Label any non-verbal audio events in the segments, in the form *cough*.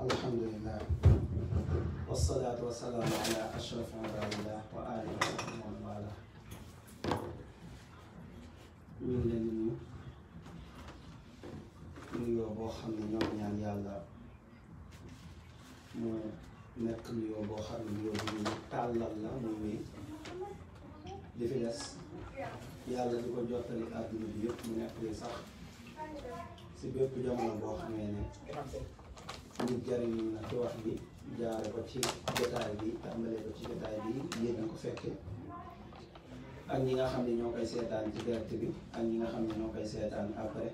الحمد لله والصلاة والسلام على أشرف عباد الله وآله وصحبه وأمواله من لدني نيو بو خامي نيو نيان يالا مو نيك نيو بو خامي نيو تالال لا مو وي ديفيلاس يالا ديكو جوتالي ادنا بييب مو نيك لي صاح سي بيب جامو بو خامي نيك ñu jëriñu nag ci wax bi jaare ko ci jotaay bi tàmbalee ko ci jotaay bi yéen a ko fekkee ak ñi nga xam ne ñoo koy seetaan ci direct bi ak ñi nga xam ne ñoo koy seetaan après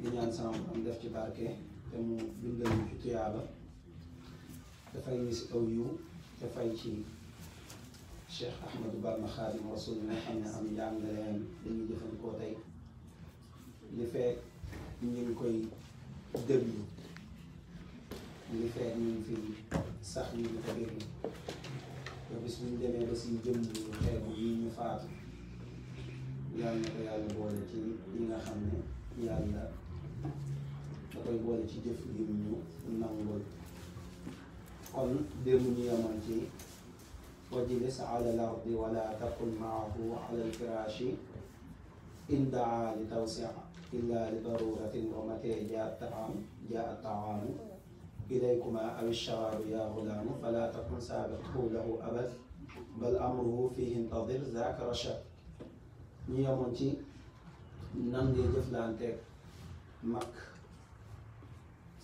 di ñaan sama am def ci barke te mu bindal ñu ci tuyaaba dafay ñu si aw yiw te fay ci Cheikh Ahmadou Bamba Xaadim Rasul nga xam am njàngaleem dañuy jëfandikoo tey li fekk ñu ngi koy W li feet ñu ngi fi sax ñu ngi ko déglu te bis bu ñu demee ba si jëmm xeetu yi ñu faatu yàlla na ko yàlla boole ci ñi nga xam ne yàlla da koy boole ci jëf yi ñu nangul kon démb ñu yemoon ci wajlis ala al ardi wala taqul maahu ala al firaashi in daa li tawsia إلا لضرورة ومتى جاء الطعام جاء الطعام إليكما أو الشراب يا غلام فلا تكن سابقه له أبد بل أمره فيه انتظر ذاك رشد نيا مونتي نندي جفل أنتك مك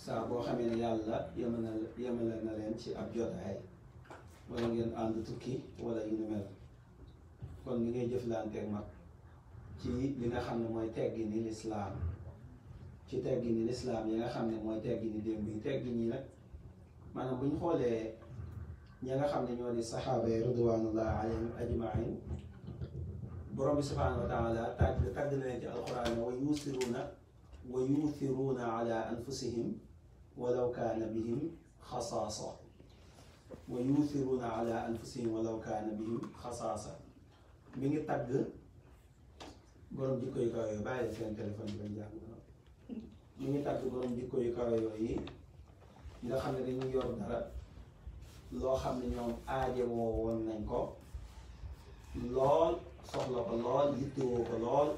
سابو خمين يالا يمنال يمنال نلنتي أبجد هاي ولا ينعند تكي ولا ينمر كون نيجي جفل أنتك مك ci li nga xam ne mooy teggini lislaam ci teggini lislaam yi nga xam ne mooy teggini démb yi teggini nag maanaam bu ñu xoolee ñi nga xam ne ñoo di saxaaba yi ridwanullah alayhim ajmain borom bi subhanahu wa taala tàgg tàgg na leen ci alquran wa yuusiruuna wa yuuthiruuna ala anfusihim walaw kaana bihim xasaasa wa yuuthiruuna ala anfusihim walaw kaana bihim xasaasa mi ngi tàgg borom jikko yu kaw yooyu bàyyi seen téléphone bi bañ jàng ñu ngi tàgg borom jikko yu kaw yooyu nga xam ne dañu yor dara loo xam ne ñoom aaje woo woon nañ ko lool soxla ko lool yittewoo ko lool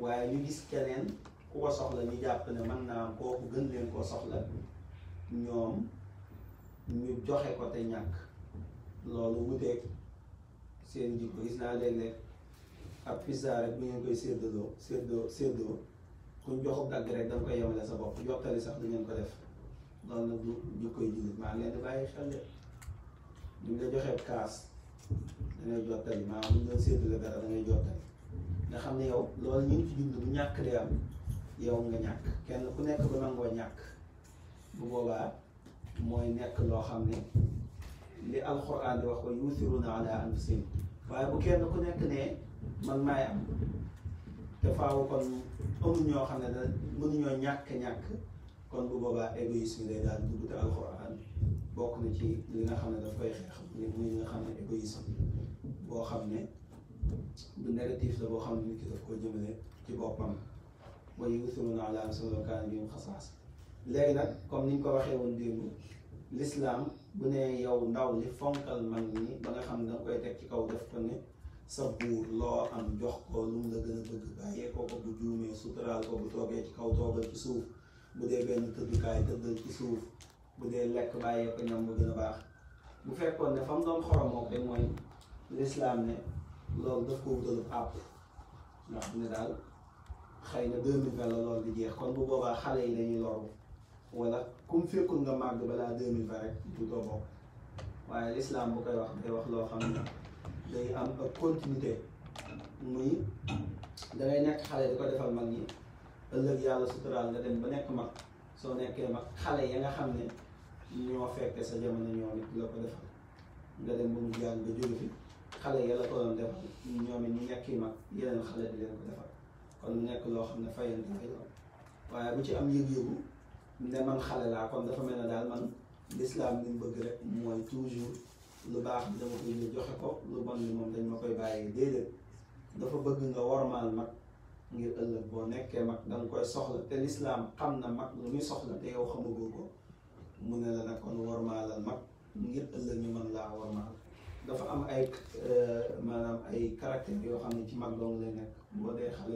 waaye ñu gis keneen ku ko soxla ñu jàpp ne mën naa kooku gën leen koo soxla ñoom ñu joxe ko te ñàkk loolu wuteeg seen jikko gis naa léeg-léeg ak pizza rek bu ngeen koy séddoo séddoo séddoo kuñ joxu dagg rek da nga koy yemale sa bopp yottali sax du ngeen ko def loolu nag du ñu koy jullit la joxee kaas dangay jottali maanaam bu ñu doon séddale dara dangay jottali nga xam ne yow loolu ñu ngi ci jublu bu ñàkk de am yow nga ñàkk kenn ku nekk ba nangoo ñàkk bu boobaa mooy nekk loo xam ne li alxuraan di wax ko yuusiruuna ala anfusihim waaye bu kenn ku nekk ne man maay am te faaw kon amul ñoo xam ne da mënuñoo ñàkk-ñàkk kon bu boobaa égoïsme day daal dugg te alxuraan bokk na ci li nga xam ne daf koy xeex muy li nga xam ne égoïsme boo xam ne bu négatif la boo xam ne nit ki daf koo jëmale ci boppam wa yuuthiruuna alaa anfusihim wa kaana bihim xasaasa léegi nag comme niñ ko waxee woon démb l'islam bu ne yow ndaw li fonkal mag ñi ba nga xam ne danga koy teg ci kaw def ko ne sa buur loo am jox ko lu mu la gën a bëgg bàyyee ko bu juumee suturaal ko bu toogee ci kaw toogal ci suuf bu dee benn tëddukaay tëddal ci suuf bu dee lekk bàyyee ko ñam gën a baax bu fekkoon ne fa mu doon xoromoo de mooy ne loolu daf ko wutalu àpp ndax ne kon bu boobaa xale yi dañuy wala kum fekkul nga màgg lislaam bu koy wax day wax loo xam ne day am ak continuité muy dangay nekk xale di ko defal mag ñi ëllëg yàlla suturaal nga dem ba nekk mag soo nekkee mag xale ya nga xam ne ñoo fekke sa jamono ñoom it la ko defal nga dem ba mu jàng ba jóge xale ya la ko doon defal ñu nekk mag yeneen xale ko kon nekk loo xam ne fayante lay doon waaye bu ci am yëg-yëgu ne man xale laa kon dafa mel ne daal man lislaam li mu bëgg rek mooy toujours lu baax bi dama koy joxe ko lu moom dañ ma koy bàyyi déedéet dafa bëgg nga wormaal mag ngir ëllëg boo nekkee mag danga koy soxla te lislaam xam na mag lu muy soxla te yow xamagoo ko mu ne la nag kon wormaalal mag ngir ëllëg ñu mën laa wormaal dafa am ay euh, maanaam ay caractère yoo xam ne ci mag dong lay nekk boo dee xale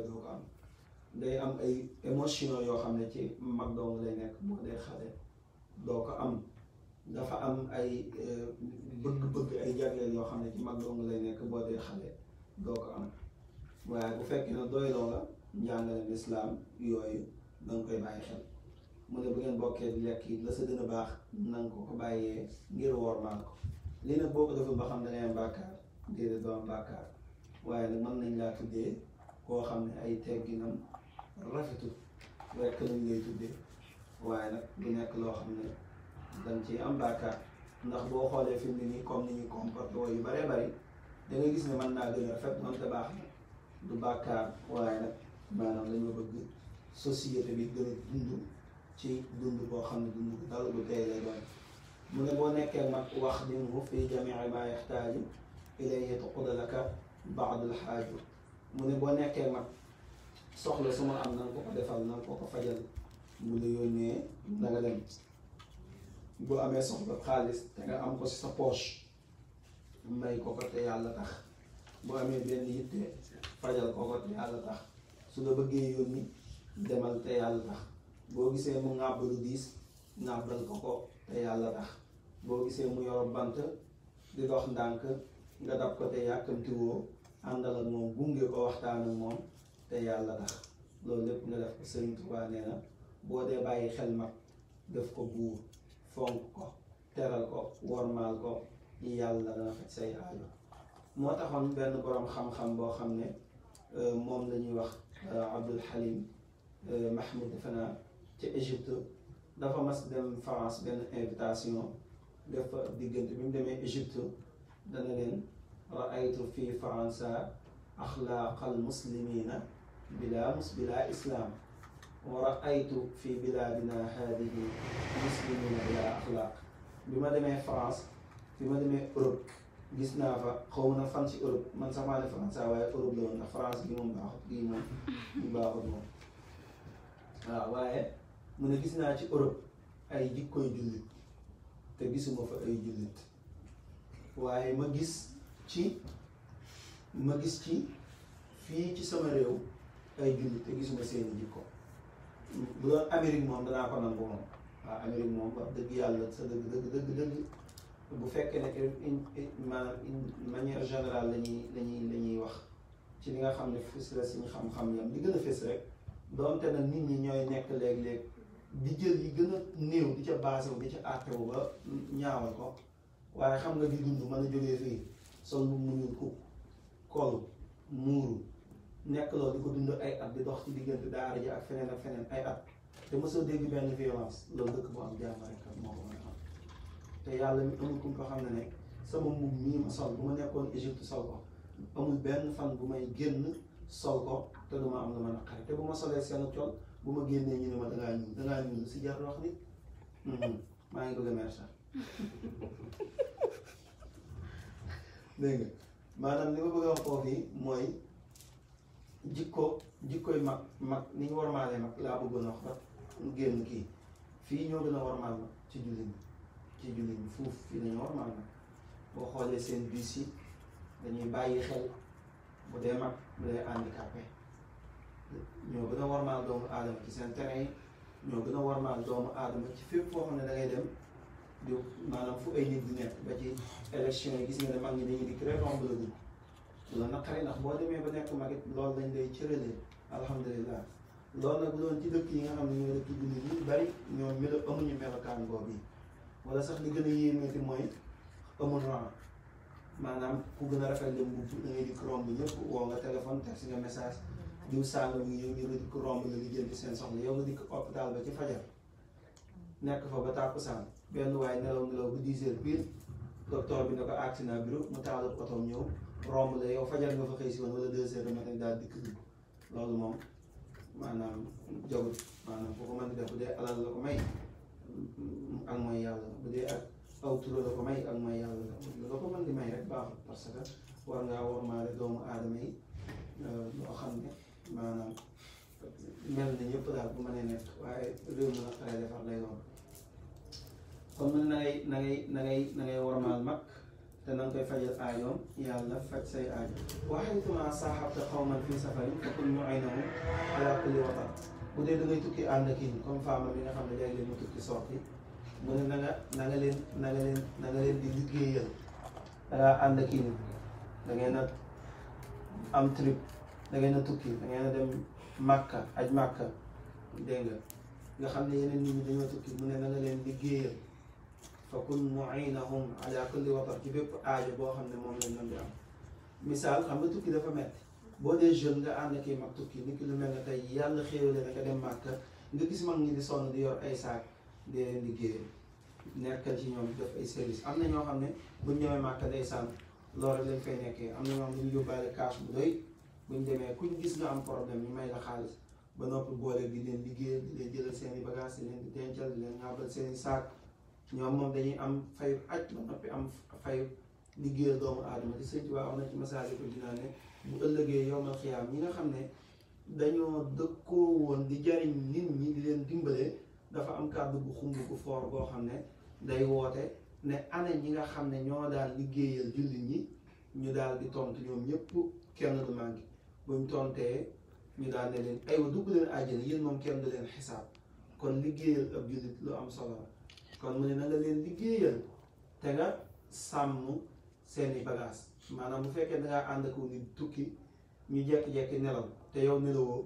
day am ay émotion yoo xam ne ci mag dong lay nekk boo dee xale doo ko am dafa am ay bëgg-bëgg ay jagleel yoo xam ne ci mag dong lay nekk boo dee xale doo ko am waaye bu fekkee ne doyloo la njàngale lislaam yooyu da nga koy bàyyi xel mu ne bu ngeen bokkee lekk yi la sa gën a baax na nga ko ko bàyyee ngir woor maa ko lii nag boo ko deful ba xam ne dangay am bàkkaar déedéet doo am bàkkaar waaye nag mën nañ laa tuddee koo xam ne ay tegginam rafetul rekk lañ lay tuddee waaye nag du nekk loo xam ne dañ ci am bàkkaar ndax boo xoolee fi mu ne nii comme ni ñuy comporté woo yu bëree bëri da ngay gis ne mën naa gën a rafet doonte baax na du bàkkaar waaye nag maanaam dañoo bëgg société bi gën a dund ci dund boo xam ne dund bu dal bu tey lay doon mu ne boo nekkee mag wax minhu fi jamii ma yaxtaaju ilayhi tuquda laka baadul xaaju mu ne boo nekkee mag soxla su ma am nan ko ko defal nan ko ko fajal mu ne yónnee na nga dem boo amee soxla xaalis te nga am ko si sa poche may ko ko te yàlla tax boo amee benn yitte fajal ko ko te yàlla tax su la bëggee yónni demal te yàlla tax boo gisee mu ŋàbbalu diis ŋàbbal ko ko te yàlla tax boo gisee mu yor bant di dox ndànk nga dab ko te yàkkamtiwoo àndal ak moom gunge ko waxtaan moom te yàlla tax loolu lépp nga def ko Sëriñ Tuubaa nee na boo dee bàyyi xel mag def ko buur fonko teral ko wormaal ko li yàlla da faj say aajo moo taxoon benn boroom xam-xam bo xamne mom lañuy wax Abdul Halim Mahmoud fana ci Égypte dafa mas dem France ben invitation def fa diggante démé mu demee Égypte dana leen raaytu france akhlaq al muslimina bila bila islam ورأيت في بلادنا هذه مسلمين بلا أخلاق لماذا دمي فرنس بما دمي أوروب جسنا فا خونا فرنسي أوروب من سمعنا فرنسا ويا أوروب لون فرنس جيمون باخد جيمون باخد مون آه ويا من جسنا أشي أوروب أي جيكو جلد تجلس ما في أي جلد ويا ما جس شيء ما جس شيء في شيء سمريو أي جلد تجلس ما سين جيكو bu doon Amérique moom danaa ko nangu moom waaw moom wax dëgg yàlla sa dëgg dëgg dëgg dëgg bu fekkee ne maanaam une manière générale la ñuy la ñuy la ñuy wax ci li nga xam ne fës la suñu xam-xam yam li gën a fës rek doonte nag nit ñi ñooy nekk léeg-léeg di jël yi gën a néew di ca baasewu bi ca àttewu ba ñaawal ko waaye xam nga di dund mën a jógee fii sol mu muñul kuk kol muuru nekk loolu di ko dund ay at di dox ci diggante daara ji ak feneen ak feneen ay at te mosoo dégg benn violence loolu dëkk bu am jàmm rek moo ko mën a xam te yàlla mi amul kum ko xam ne sama mbubb mii ma ma nekkoon Égypte sol amul benn fan bu may génn te du ma bu ma solee seen col bu ma génnee ñu ma dangaa ñuul dangaa ñuul si jar wax nit mm-hmm. maa ngi bëgg a sax *laughs* dégg nga maanaam li ma bëgg a wax mooy jikko jikkoy mag mag ni ñu warmaalee mag laa bëggoon wax ba génn kii fii ñu gën a warmaal mag ci jullit ci jullit ñi fii lañu warmaal mag boo xoolee seen bus yi dañuy bàyyi xel bu dee mag bu dee handicapé ñoo gën a warmaal doomu aadama ci seen terrain yi ñoo gën a warmaal doomu aadama ci fépp foo xam ne da ngay dem di maanaam fu ay nit di nekk ba ci élection yi gis nga ne mag ñi dañuy dikk rek romb la na naqari ndax boo demee ba nekk mag it loolu lañ lay cëralee alhamdulilah lool nag loolu ci lëkk yi nga xam ne ñooy dëkk junni yi bari ñoom melo amuñu melokaan boobu yi wala sax li gën a yéemeeti mooy amul rang maanaam ku gën a rafet lim bu da ngay di romb ñëpp woo nga téléphone teg si nga message diw sàngam yi ñëw ñu nga dikk romb la di jënd seen soxla yow nga dikk hôpital ba ci fajar nekk fa ba tàkkusaan benn waaye nelaw nelaw bu 10 heures pile bi ne ko accident mu taalub otoom ñëw romb la yow fajar nga fa xëy si woon wala deux heures de matin daal dikk loolu moom maanaam jagut maanaam boo ko mën def bu dee alal la ko may ak mooy yàlla la ko la ko mën di may rek baaxul parce que war ngaa war doomu aadama yi euh, loo xam ne maanaam mel na ñëpp daal bu mënee nekk waaye réew mi nag lay defar lay doon kon mën na ngay na ngay mag te na nga koy fajal aajoom yàlla faj say aajo waxee suma saaxabte xawman fii safarin fa kun ñu ay namu ala kulli watan bu dee da ngay tukki ànd ak comme femme bi nga xam ne léeg-léeg mu tukki sorti mu ne na nga leen na leen di liggéeyal da euh, ngaa ànd ak yéen da ngay na am trip da na tukki da na dem màkka aj màkka dégg nga xam ne yeneen nit ñi dañoo tukki mu ne na leen liggéeyal فكن معينهم على كل وطر كي بيب حاجة بو خمنا مهم لنا بيهم مثال خمنا تو كده فمات بو دي جن دا عنا كي مكتوب كي نكي لما نتا يال خير لنا كده مكة ندو كي سمان نيدي صون دي يور أي ساك دي نيجي نركل جي نيوم بيب أي سيريس عمنا نيو خمنا بن نيوم مكة دي سان لور لن فين يكي عمنا نيوم بن يو بالي كاش مدوي بن دي مي كون جيس نو عم پروبلم يمي دا خالص بنوبل بولي دي لن ليجي دي لن جيل سيني بغاس دي لن دي تنجل دي لن عبل سيني ساك ñoom moom dañuy am fay aj ba noppi am fayu liggéeyal doomu aadama di sëñ Tuubaa na ci message ko dinaa ne bu ëllëgee yowmal xiyaam ñi nga xam ne dañoo dëkkoo woon di jariñ nit ñi di leen dimbalee dafa am kàddu gu xumb gu foor boo xam ne day woote ne ana ñi nga xam ne ñoo daal liggéeyal jullit ñi ñu daal di tontu ñoom ñëpp kenn maa ngi buñ tontee ñu daal ne leen aywa dugg leen àjjana yéen moom kenn du leen xisaab kon liggéeyal ab jullit lu am solo la kon mu ne na nga leen liggéeyal te nga sàmm seeni bagage maanaam bu fekkee dangaa ànd ak nit tukki ñu jekki-jekki nelaw te yow nelawoo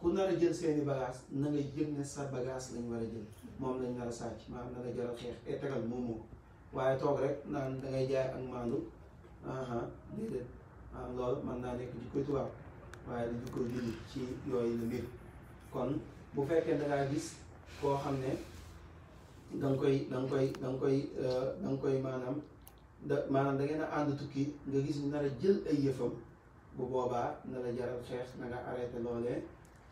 ku nar jël seeni bagage na nga jël ne sa bagage lañ war a jël moom lañ nar a sàcc maanaam na nga xeex tegal moom moo waaye toog rek naan da jaay ak maandu aha déedéet loolu mën naa nekk jikko tubaab waaye du jikko jullit ci yooyu la mbir kon bu fekkee dangaa gis koo xam ne da nga koy da nga koy da nga koy eh, da nga koy maanaam da maanaam da ngeen a ànd tukki nga gis nar a jël ay yëfam bu boobaa na la jaral xeex na nga arrêté loolee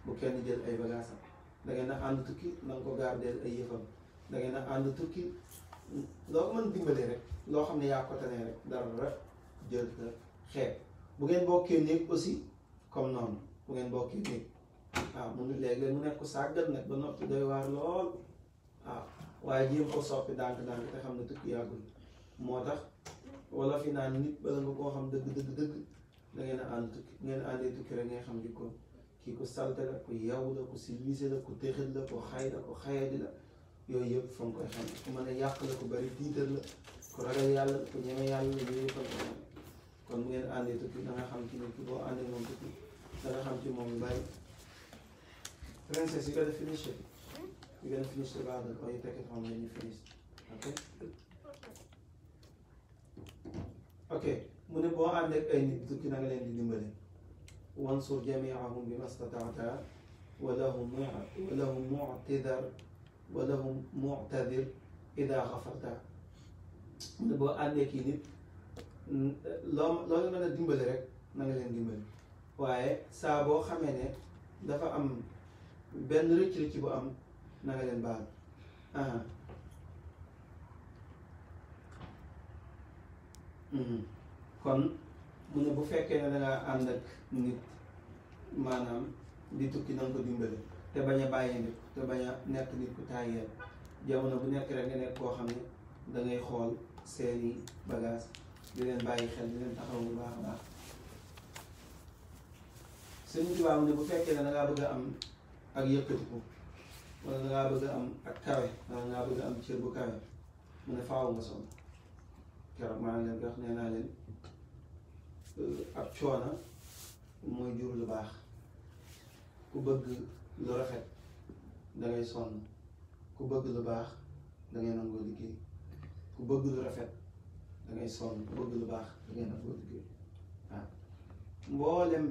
bu kenn jël ay bagaasam da ngeen a ànd tukki na ko gardeel ay yëfam da ngeen a ànd tukki loo mën dimbalee rek loo xam ne yaa ko tanee rek dara jël la xeet bu ngeen bokkee néeg aussi comme noonu bu ngeen bokkee néeg waaw mu ngi léeg mu nekk ko sàggat ba doy waaye jéem ko soppi dànk-dànk te xam ne tukki yàggul moo tax wala fi naan nit bala nga koo xam dëgg dëgg dëgg da ngeen a ànd tukki ngeen àndee tukki rek ngay xam jikkoom kii ko salte la ko yaw la ko civilisé la ko téxal la ko xay la ko xayadi la yooyu yëpp fa nga koy xam ku mën a yàq la ko bari diital la ku ragal yàlla ku ñeme yàlla la yooyu yëpp fa nga koy kon mu ngeen àndee tukki da xam ci nit ki boo àndee moom tukki da xam ci moom bàyyi princesse You're gonna finish the garden or you take it home when you finish. Okay? ok eh, mu ne boo ànd ak ay nit tukki na nga leen di dimbale wansur jamiahum bi mastataata walahum walahum mutidar walahum mutadir ida xafarta mu ne boo àndee kii nit loo loolu mën a dimbale rek na nga leen dimbale waaye saa boo xamee ne dafa am benn rëcc-rëcc bu am na nga leen baal mhm. kon mu ne bu fekkee ne da ngaa ànd nit maanaam di tukki na ko dimbale te bañ a bàyyi nit te bañ a nekk nit ku tàyyeel jamono bu nekk rek nga nekk koo xam ne dangay xool seeni bagage di leen bàyyi xel di leen taxaw bu baax a baax sëñ bi waaw ne bu fekkee ne da bëgg am ak yëkkatiku wala dangaa bëgg a am ak kawe wala dangaa bëgg am cër bu mu ne faaw nga sonn keroog maa ngi leen di wax nee naa leen euh, ab coono mooy jur baax ku bëgg lu rafet da ngay sonn ku bëgg lu baax da ngay nangoo liggéey ku bëgg lu rafet da ngay sonn ku bëgg lu baax da ngay nangoo liggéey waaw mboolem.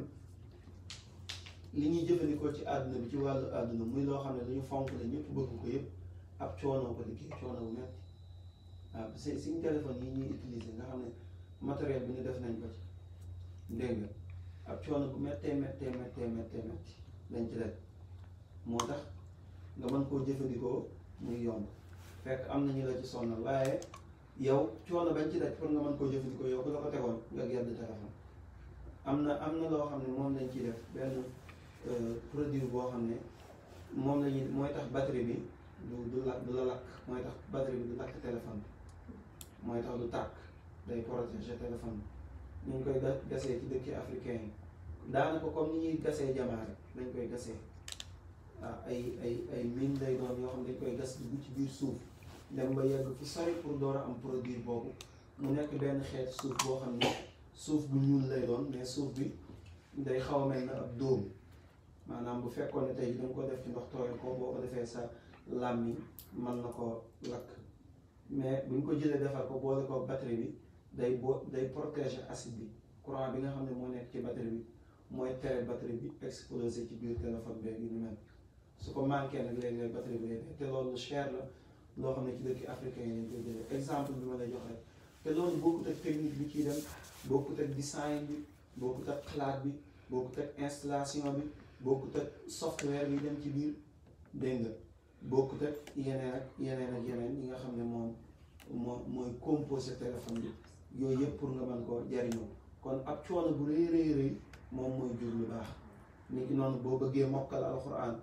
li ñuy jëfandikoo ci àdduna bi ci wàllu àdduna muy loo xam ne dañu fonk la ñëpp bëgg ko yëpp ab coono ko liggéey coono bu metti waaw parce que suñ téléphone yi ñuy utiliser nga xam ne matériel bi ñu def nañ ko ci dégg nga ab coono bu méttee méttee méttee méttee métti lañ ci def moo tax nga mën koo jëfandikoo muy yomb fekk am na ñu la ci sonnal waaye yow coono bañ ci def pour nga mën koo jëfandikoo yow ku la ko tegoon nga gedd téléphone am na am na loo xam ne moom lañ ciy def Euh, produit boo xam ne moom la ñuy mooy tax batterie bi du la lakk mooy tax batterie bi du lakk téléphone bi mooy tax du tàkk day protéger téléphone bi ñu ngi koy gasee ci africain yi daanaka comme ni gasee jamaa dañ koy gasee ah ay ay ay mine lay yoo xam dañ koy gas dugg ci biir suuf dem ba yegg fu sori pour am produit boobu mu nekk benn xeet suuf boo xam ne suuf bu ñuul lay doon mais suuf bi day xaw a mel na ab dóom maanaam bu fekkoon ne tey ji danga ko def ci ndox tooyal ko boo ko defee sa làmmiñ man na ko lakk mais buñ ko jëlee defar ko boole ko batterie bi day boo day protéger acide bi courant bi nga xam ne moo nekk ci batterie bi mooy tere batterie bi explosé ci biir téléphone beeg yu ni mel su ko manqué nag léeg-léeg batterie bi léeg te loolu cher la loo xam ne ci dëkki africain yi lañ koy jëlee exemple bi ma lay jox rek te loolu bokkut ak technique bi ciy dem bokkut ak design bi bokkut bi bokkut ak installation bi bokkut ak software bi dem ci biir dégg nga bokkut ak yeneen ak yeneen ak yeneen yi nga xam ne moom moom mooy composé téléphone bi yooyu yëpp pour nga mën koo jariñoo kon ab coono bu rëy rëy moom mooy jur lu baax nit ki noonu boo bëggee mokkal alxuraan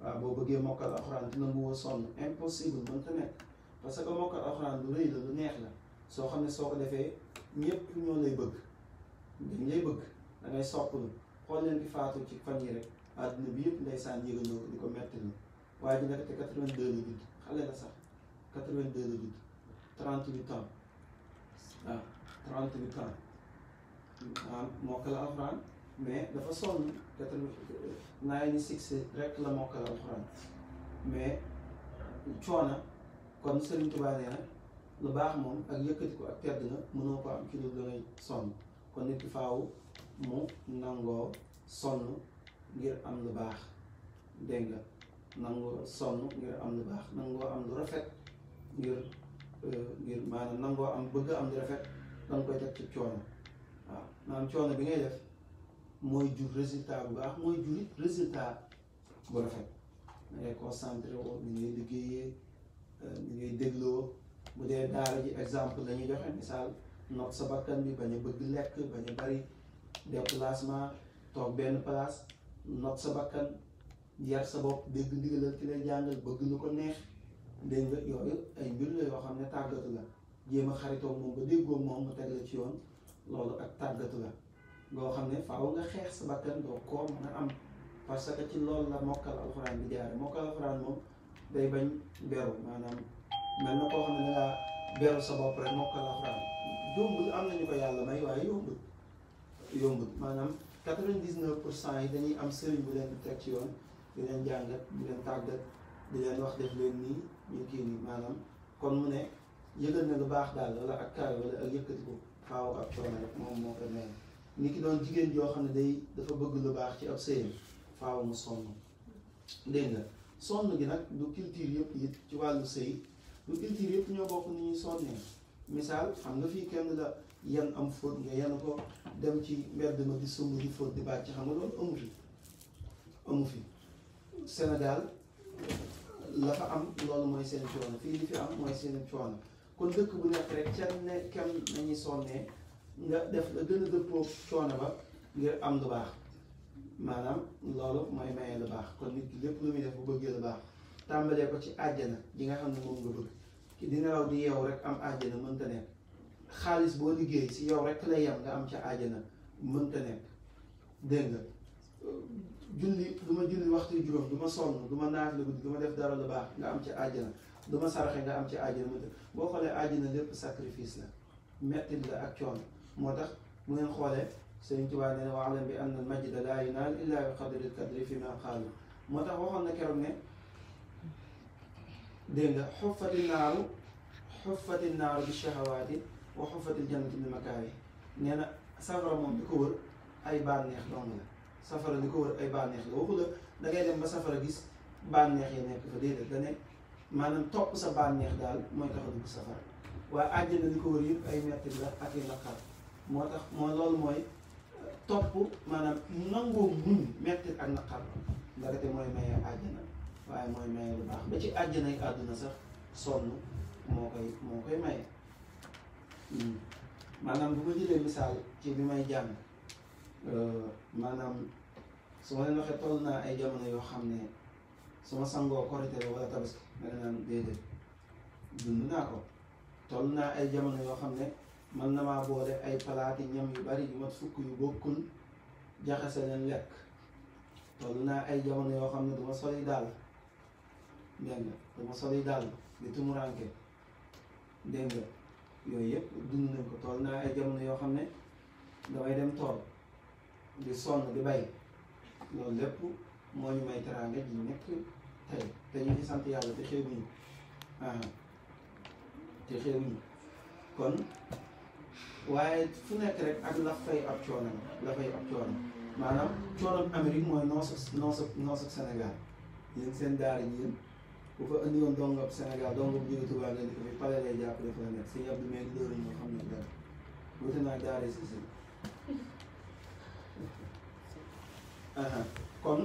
waaw boo bëggee mokkal alxuraan dina mu woo sonn impossible mënta nekk parce que mokkal alxuraan lu rëy la lu neex la soo xam ne soo ko defee ñëpp ñoo lay bëgg dañ lay bëgg da ngay sopp xool leen ki faatu ci fan yi rek àdduna bi yëpp ndeysaan yëgandoo ko di ko metti ni waaye ji nekk te 82 la judd xale la sax 82 la judd 38 ans waaw 38 ans waaw mokkal alxuraan mais dafa sonn 96 rek la mokkal alxuraan mais coona kon Sëriñ Tuubaa nee na lu baax moom ak yëkkati ko ak tedd na mënoo ko am ci lu dangay sonn kon nit ki faaw mu nango sonu ngir am lu bax dégg nga nangoo ngir am lu bax nango am lu rafet ngir euh, ngir manam nango am bëgg am lu rafet dang koy teg ci coono waaw maanaam coono bi ngay def moy jur resultat bu bax moy jur resultat bu rafet ngay concentré woo ni ngay liggéeyee euh, ni ngay dégloo bu dee daara ji exemple la joxe misal not sa bakkan bi bañ bëgg lekk bañ bari def plasma tok ben place not sa bakkan yar sa bopp dégg ndigalal ki lay jàngal bëgg nu ko neex dégg nga yoy ay mbir la yoo xam tagatu la jema xarito xaritoo ba déggoo moom mu teg la ci yoon lolu ak tagatu la ngoo xamne faaw nga xex sa bakkan do ko mën am parce que ci lolu la mokal alcorane bi jaar mokal alcorane moom day bañ beru manam melna ko xamne da ne beru sa bop rek mokkal alxuraan jombul am nañu ko yalla may waaye yombul yombul maanaam quatre vingt dix pour cent yi dañuy am sëriñ bu leen teg ci yoon di leen jàngat di leen tàggat di leen wax def leen nii ñu kii nii maanaam kon mu ne yëgal na lu baax daal wala ak kaay wala ak yëkkati faaw ak coono moom moo ko ni ki doon jigéen joo xam ne day dafa bëgg lu baax ci ab sëyam faaw mu sonn dégg nga sonn gi nag du culture yëpp it ci wàllu sëy lu culture yëpp ñoo bokk ni ñuy sonnee misaal xam nga fii kenn la yan am fóot nga yan ko dem ci mbedd ma di sumb di fóot di bàcc xam nga loolu amu fi amu fi Sénégal la fa am loolu mooy seen coono fii li fi am mooy seen coono kon dëkk bu nekk rek kenn ne kenn nañu sonnee nga def la gën a dëppoo coono ba ngir am lu baax maanaam loolu mooy maye lu baax kon nit lépp lu muy def bu bëggee lu baax tàmbalee ko ci àjjana ji nga xam ne moom nga bëgg ki di nelaw di yeewu rek am àjjana mënta nekk xaalis boo liggéey si yow rek la yem nga am ca aajana mënta nekk dégg nga julli du ma julli waxtu juróom du ma sonn du ma naaf la guddi du ma def dara lu baax nga am ci àjjana du ma saraxe nga am ci àjjana mënta boo xoolee àjjana lépp sacrifice la mettit la ak coono moo tax bu ngeen xoolee Sëriñ Tuubaa nee na waalam bi anna al majda laa yunaal illaa bi qadri kadri fi ma xaalu moo tax waxoon na keroog ne dégg nga xuffati naaru xuffati naaru bi shahawaati wa huffatil jannatu min makaari nee safara moom di ko wër ay bànneex dong la safara di ko wër ay bànneex la waxu la da ngay dem ba safara gis bànneex yi nekk fa déedéet da ne maanaam topp sa bànneex daal mooy tax a dugg safara waaye àjjana di ko wër yëpp ay metti la ak i naqar moo tax moo loolu mooy eh, topp maanaam nangoo muñ metti ak naqar ndagate mooy maye àjjana waaye mooy maye lu baax ba ci àjjana yi àdduna sax sonn moo koy moo koy Hmm. manam bu ko jëlee misal ci bi may jamm eh, euh eh, manam ma leen waxee toll so ay jamono yoo xam ne su ma sangoo korite wala tabaski danga naan déedéet dund na ko toll naa ay eh, jamono yoo xam ne man na ma bolé ay palaati ñam yu bari yu mat fukk yu bokkul jaxase len lek toll ay jamono soli dal nga soli dal di tumuranke dégg nga yooyu yëpp dund ko tool naa ay yoo xam ne damay dem tool di sonn di bay loolu lépp moo ñu may teraanga ji nekk tey te ñu sant yàlla te xeebuñu te xeebuñu kon waaye fu nekk rek ak la fay ab coono la fay ab coono maanaam coono Amérique mooy noosu noosu noosu Sénégal yéen seen daara ñi bu fa andi woon dongam Sénégal dongam jóge Touba ngeen di ko fi pare lay jàpp dafa nekk sëñ Abdou Mène dóoru xam ne dara wute naa daare si si kon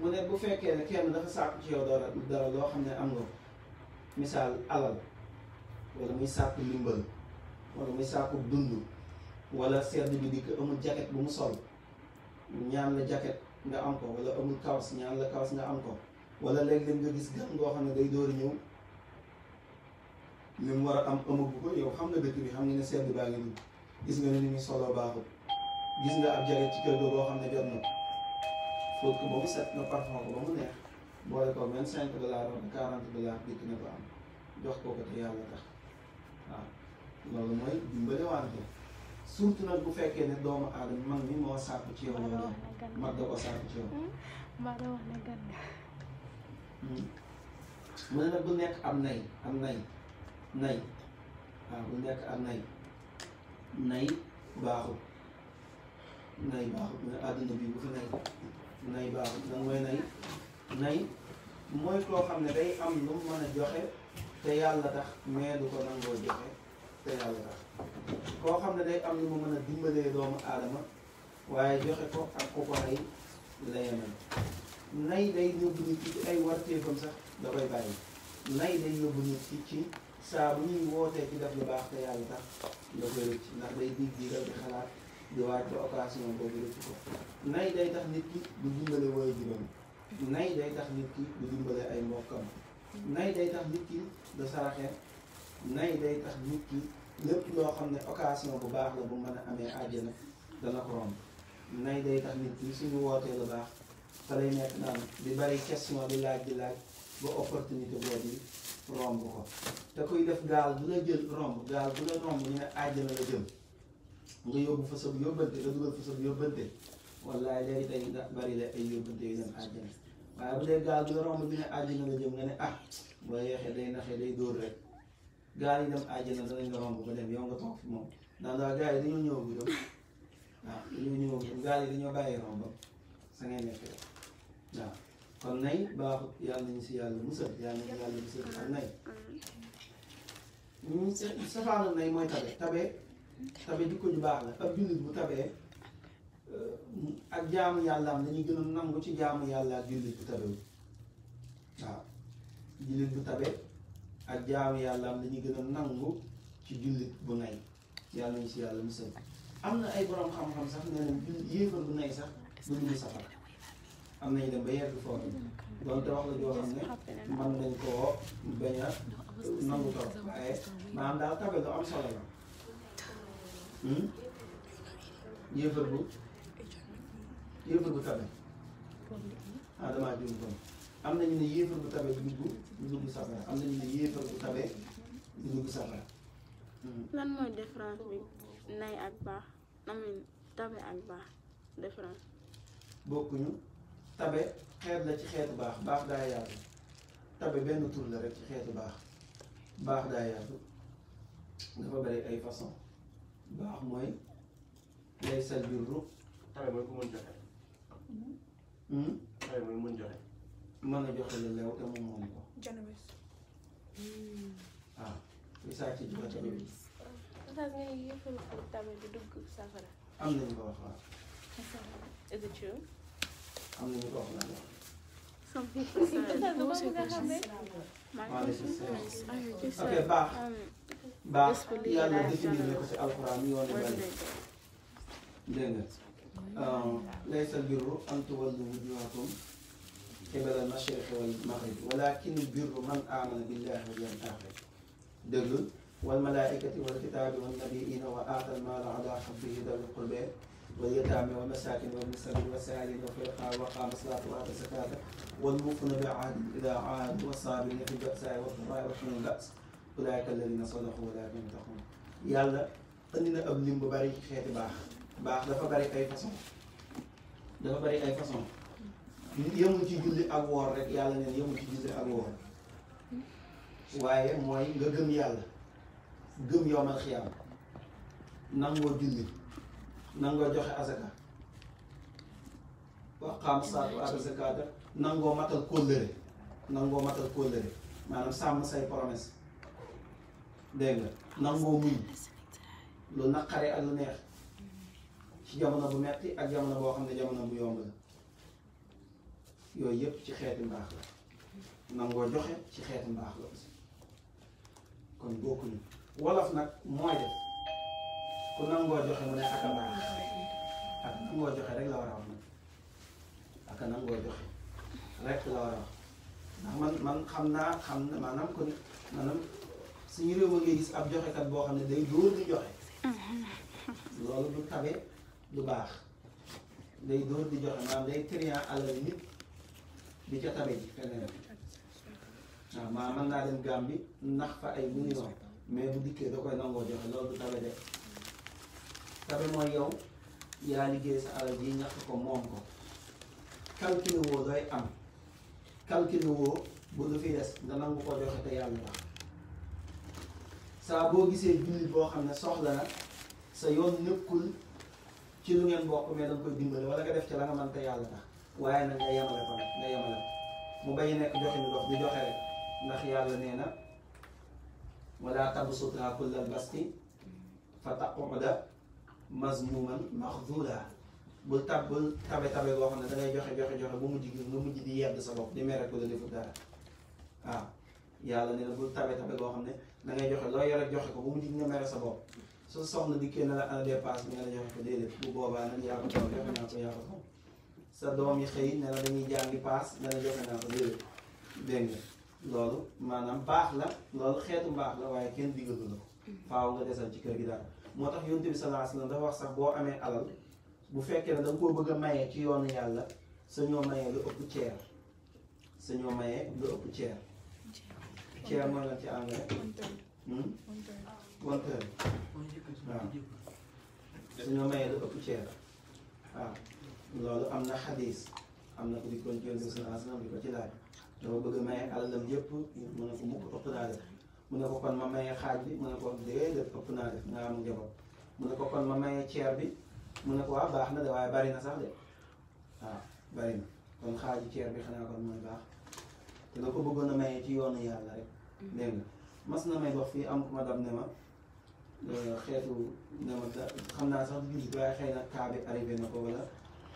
mu nekk bu fekkee kenn dafa sàkku ci yow dara dara loo xam ne am nga misaal alal wala muy sàkku ndimbal wala muy sàkku dund wala sedd bi dikk amul jaket bu mu sol ñaan la jacket nga am ko wala amul kawas ñaan la kawas nga am ko wala léeg-léeg nga gis gan ngoo xam ne day door a ñëw li war a am amagu ko yow xam nga dëkk bi xam ne baa ngi gis nga ne ni muy baaxul gis nga am jacket ci kër ga xam ne jot na fóot ko ba mu set nga parfum ko ba mu neex boole ko vingt cinq dollars wala quarante dollars dikk na ko am jox ko te yàlla tax waaw loolu mooy dimbale wante surtout nag bu fekkee ne doomu aadama mag mi moo sàkku ci yow loolu mag da ko sàkku ci yow hmm? hmm? mu ne nag bu nekk am nay am nay nay waaw bu nekk am nay nay baaxul nay baaxul mu ne àdduna bi nay nay baaxul da mooy nay nay mooy koo xam ne day am lu mu mën a joxe te yàlla tax mais du ko nangoo joxe te yàlla tax koo xam ne day am lu mu mën a dimbalee doomu aadama waaye joxe ko ak ku ko rey la yemal nay day yóbbu nit ki ci ay warteefam sax da koy bàyyi nay day yóbbu nit ki ci saa bu ñuy wootee ci def lu baax te yàlla tax da koy rëcc ndax day dig digal di xalaat di waaj ba occasion boobu rëcc ko nay day tax nit ki du dimbale woy juróom nay day tax nit ki du dimbale ay mbokkam nay day tax nit ki da saraxe nay day tax nit ki lépp loo xam ne occasion bu baax la bu mën a amee àjjana dana ko romb nay day tax nit ñi suñu wootee lu baax te lay nekk naan di bari question di laaj di laaj ba opportunité boobu romb ko te kuy def gaal bu la jël romb gaal bu la romb ñu ne àjjana la jëm nga yóbbu fa sab yóbbante nga dugal fa sab yóbbante wallaay léegi tey nga bari la ay yóbbante yu dem àjjana waaye la jëm nga ne ah boo yeexee day naxee day dóor rek gaa yi dem àjjana danañ la romb ba dem yow nga toog fi moom ndax daal gaa yi dañoo ñëwagul dem waaw dañoo ñëwagul gaa yi dañoo bàyyi romb sa ngay nekk waaw kon nay baaxut yàlla nañu si yàlla musal yàlla nañu yàlla musal ak nay ñun mm, safaanu nay mooy tabe tabe tabe jikko ju baax la ab jullit bu tabee euh, ak jaamu yàllaam dañuy gën a nangu ci jaamu yàlla ak jullit bu bu tabe ak jaamu yàlla am dañuy gën a nangu ci jullit bu nay yàlla ñu si yàlla musal am na ay borom xam-xam sax nee nañ yéefar bu nay sax bu dugg safara am nañ dem ba yegg foofu donte wax la joo xam ne man nañ koo bañ a nangu topp waaye maanaam daal tabe am solo la hmm? yéefar bu yéefar bu tabe ah damaa jum kon am nañu ne yéefar bu tawee ñu dugg ñu dugg safara am nañu ne yéefar bu tawee ñu dugg safara. lan mooy différence bi nay ak baax amin tabe ak baax différence. bokkuñu tabe xeet la ci xeetu baax baax daa yaatu tabe benn tur la rek ci xeetu baax baax daa yaatu dafa bari ay façon baax mooy lay sal birru tabe mooy ku mën joxe. Hmm? mën a joxe lu leew te moom moom ko janewis waaw li saa ci joxe janewis oustaz nga yëfal ko tamit am nañu ko wax is it true am nañu ko wax nag ok baax baax yàlla définir na ko si alxuraan yoon yu bari dégg nga laysa birru an tuwallu wujuhakum قبل المشرق والمغرب ولكن البر من آمن بالله واليوم الآخر دقل والملائكة والكتاب والنبيين وآتى المال على حبه ذوي القربى واليتامى والمساكين وابن السبيل والسائلين وفي الرقاب وقام الصلاة وآتى الزكاة والموفون بعهد إذا عاد والصابرين في البأساء والضراء وحين البأس أولئك الذين صدقوا ولكن يتقون يلا أننا na ببريك lim باخ باخ دفع بريك أي فصل دفع بريك أي فصل yemuñ ci julli ak woor rek yàlla neen yemuñ ci julli ak woor waaye mooy nga gëm yàlla gëm yowmal xiyaam nangoo julli nangoo joxe asaka wa xaam saatu ata zakaata nangoo matal kóllëre nangoo matal kóllëre maanaam sàmm say promesse dégg nangoo muñ lu naqare ak lu neex ci jamono bu metti ak jamono boo xam ne jamono bu yomb la yooyu yëpp ci xeeti mbaax la nangoo joxe ci xeeti mbaax la aussi kon bokkuñu wolof nag mooy def ku nangoo joxe mu ne ak xam naa xam maanaam kon maanaam suñu réew ma ngay gis ab joxekat boo xam ne day dóor di joxe loolu du tabe du baax day dóor di joxe maanaam day trian alal nit bi ca tamit feneen waaw maa mën naa dem Gàmbi ndax fa ay million mais bu dikke da koy nango joxe loolu du tabe de tabe moy yow ya liggéey sa ala di nax ko mom ko calculé wo looy am calculé wo bu do fi dess da nang ko joxe te yalla tax saa boo gisee jullit boo soxla na sa yoon nekkul ci lu ngeen bokk mais danga koy dimbale wala nga def ci la nga man te yalla tax waaye na nga yemale ko nag nga yemale mu bañ a nekk joxe ñu dox ñu joxe rek ndax yàlla nee na wala tabsutaa kullal basti fa taquda mazmuman maxdura bul tab bul tabe tabe boo xam ne dangay joxe joxe joxe ba mujj gi nga mujj di yedd sa bopp di mere ko la defut dara waaw yàlla nee na bul tabe tabe boo xam ne dangay joxe loo yore joxe ko ba mujj gi nga mere sa bopp su soxna dikkee na la ana ah, dépasse bi nga la joxe ko déedéet bu boobaa nag yaa ko jox joxe naa ko yaa ko sa doom yi xëy ne la dañuy jangi pass ne la joxe na ko deug dégg lolu manam bax la lolu xetu bax la waye kenn diggalu la faaw nga dessal ci keur gi daal motax yoonte bi sallallahu alayhi wasallam da wax sax bo amé alal bu fekkee na dang ko bëgg mayé ci yoonu yàlla sañoo mayé lu ëpp ceer sañoo mayé lu ëpp ceer ceer mooy la ci anglais wonte hmm? waaw sañoo mayé lu ëpp ceer waaw loolu am na xadis am na ko di kon ci yonent bi sallallahu alayhi wa sallam di ko ci laaj dafa bëgg a maye alalam yëpp mu ne ko mukk ëpp naa def mu ne ko kon ma maye xaaj bi mu ne ko déedéet ëpp naa def nga am njaboot mu ne ko kon ma maye ceer bi mu ne ko waa baax na de waaye bari na sax de waaw bari na kon xaaji ceer bi xanaa kon mooy baax te la ko bëggoon a maye ci yoonu yàlla rek dégg nga mas na may wax fii am ku ma dab ne ma xeetu ne ma xam naa sax jullit waaye xëy na kaa bi arrivé na ko wala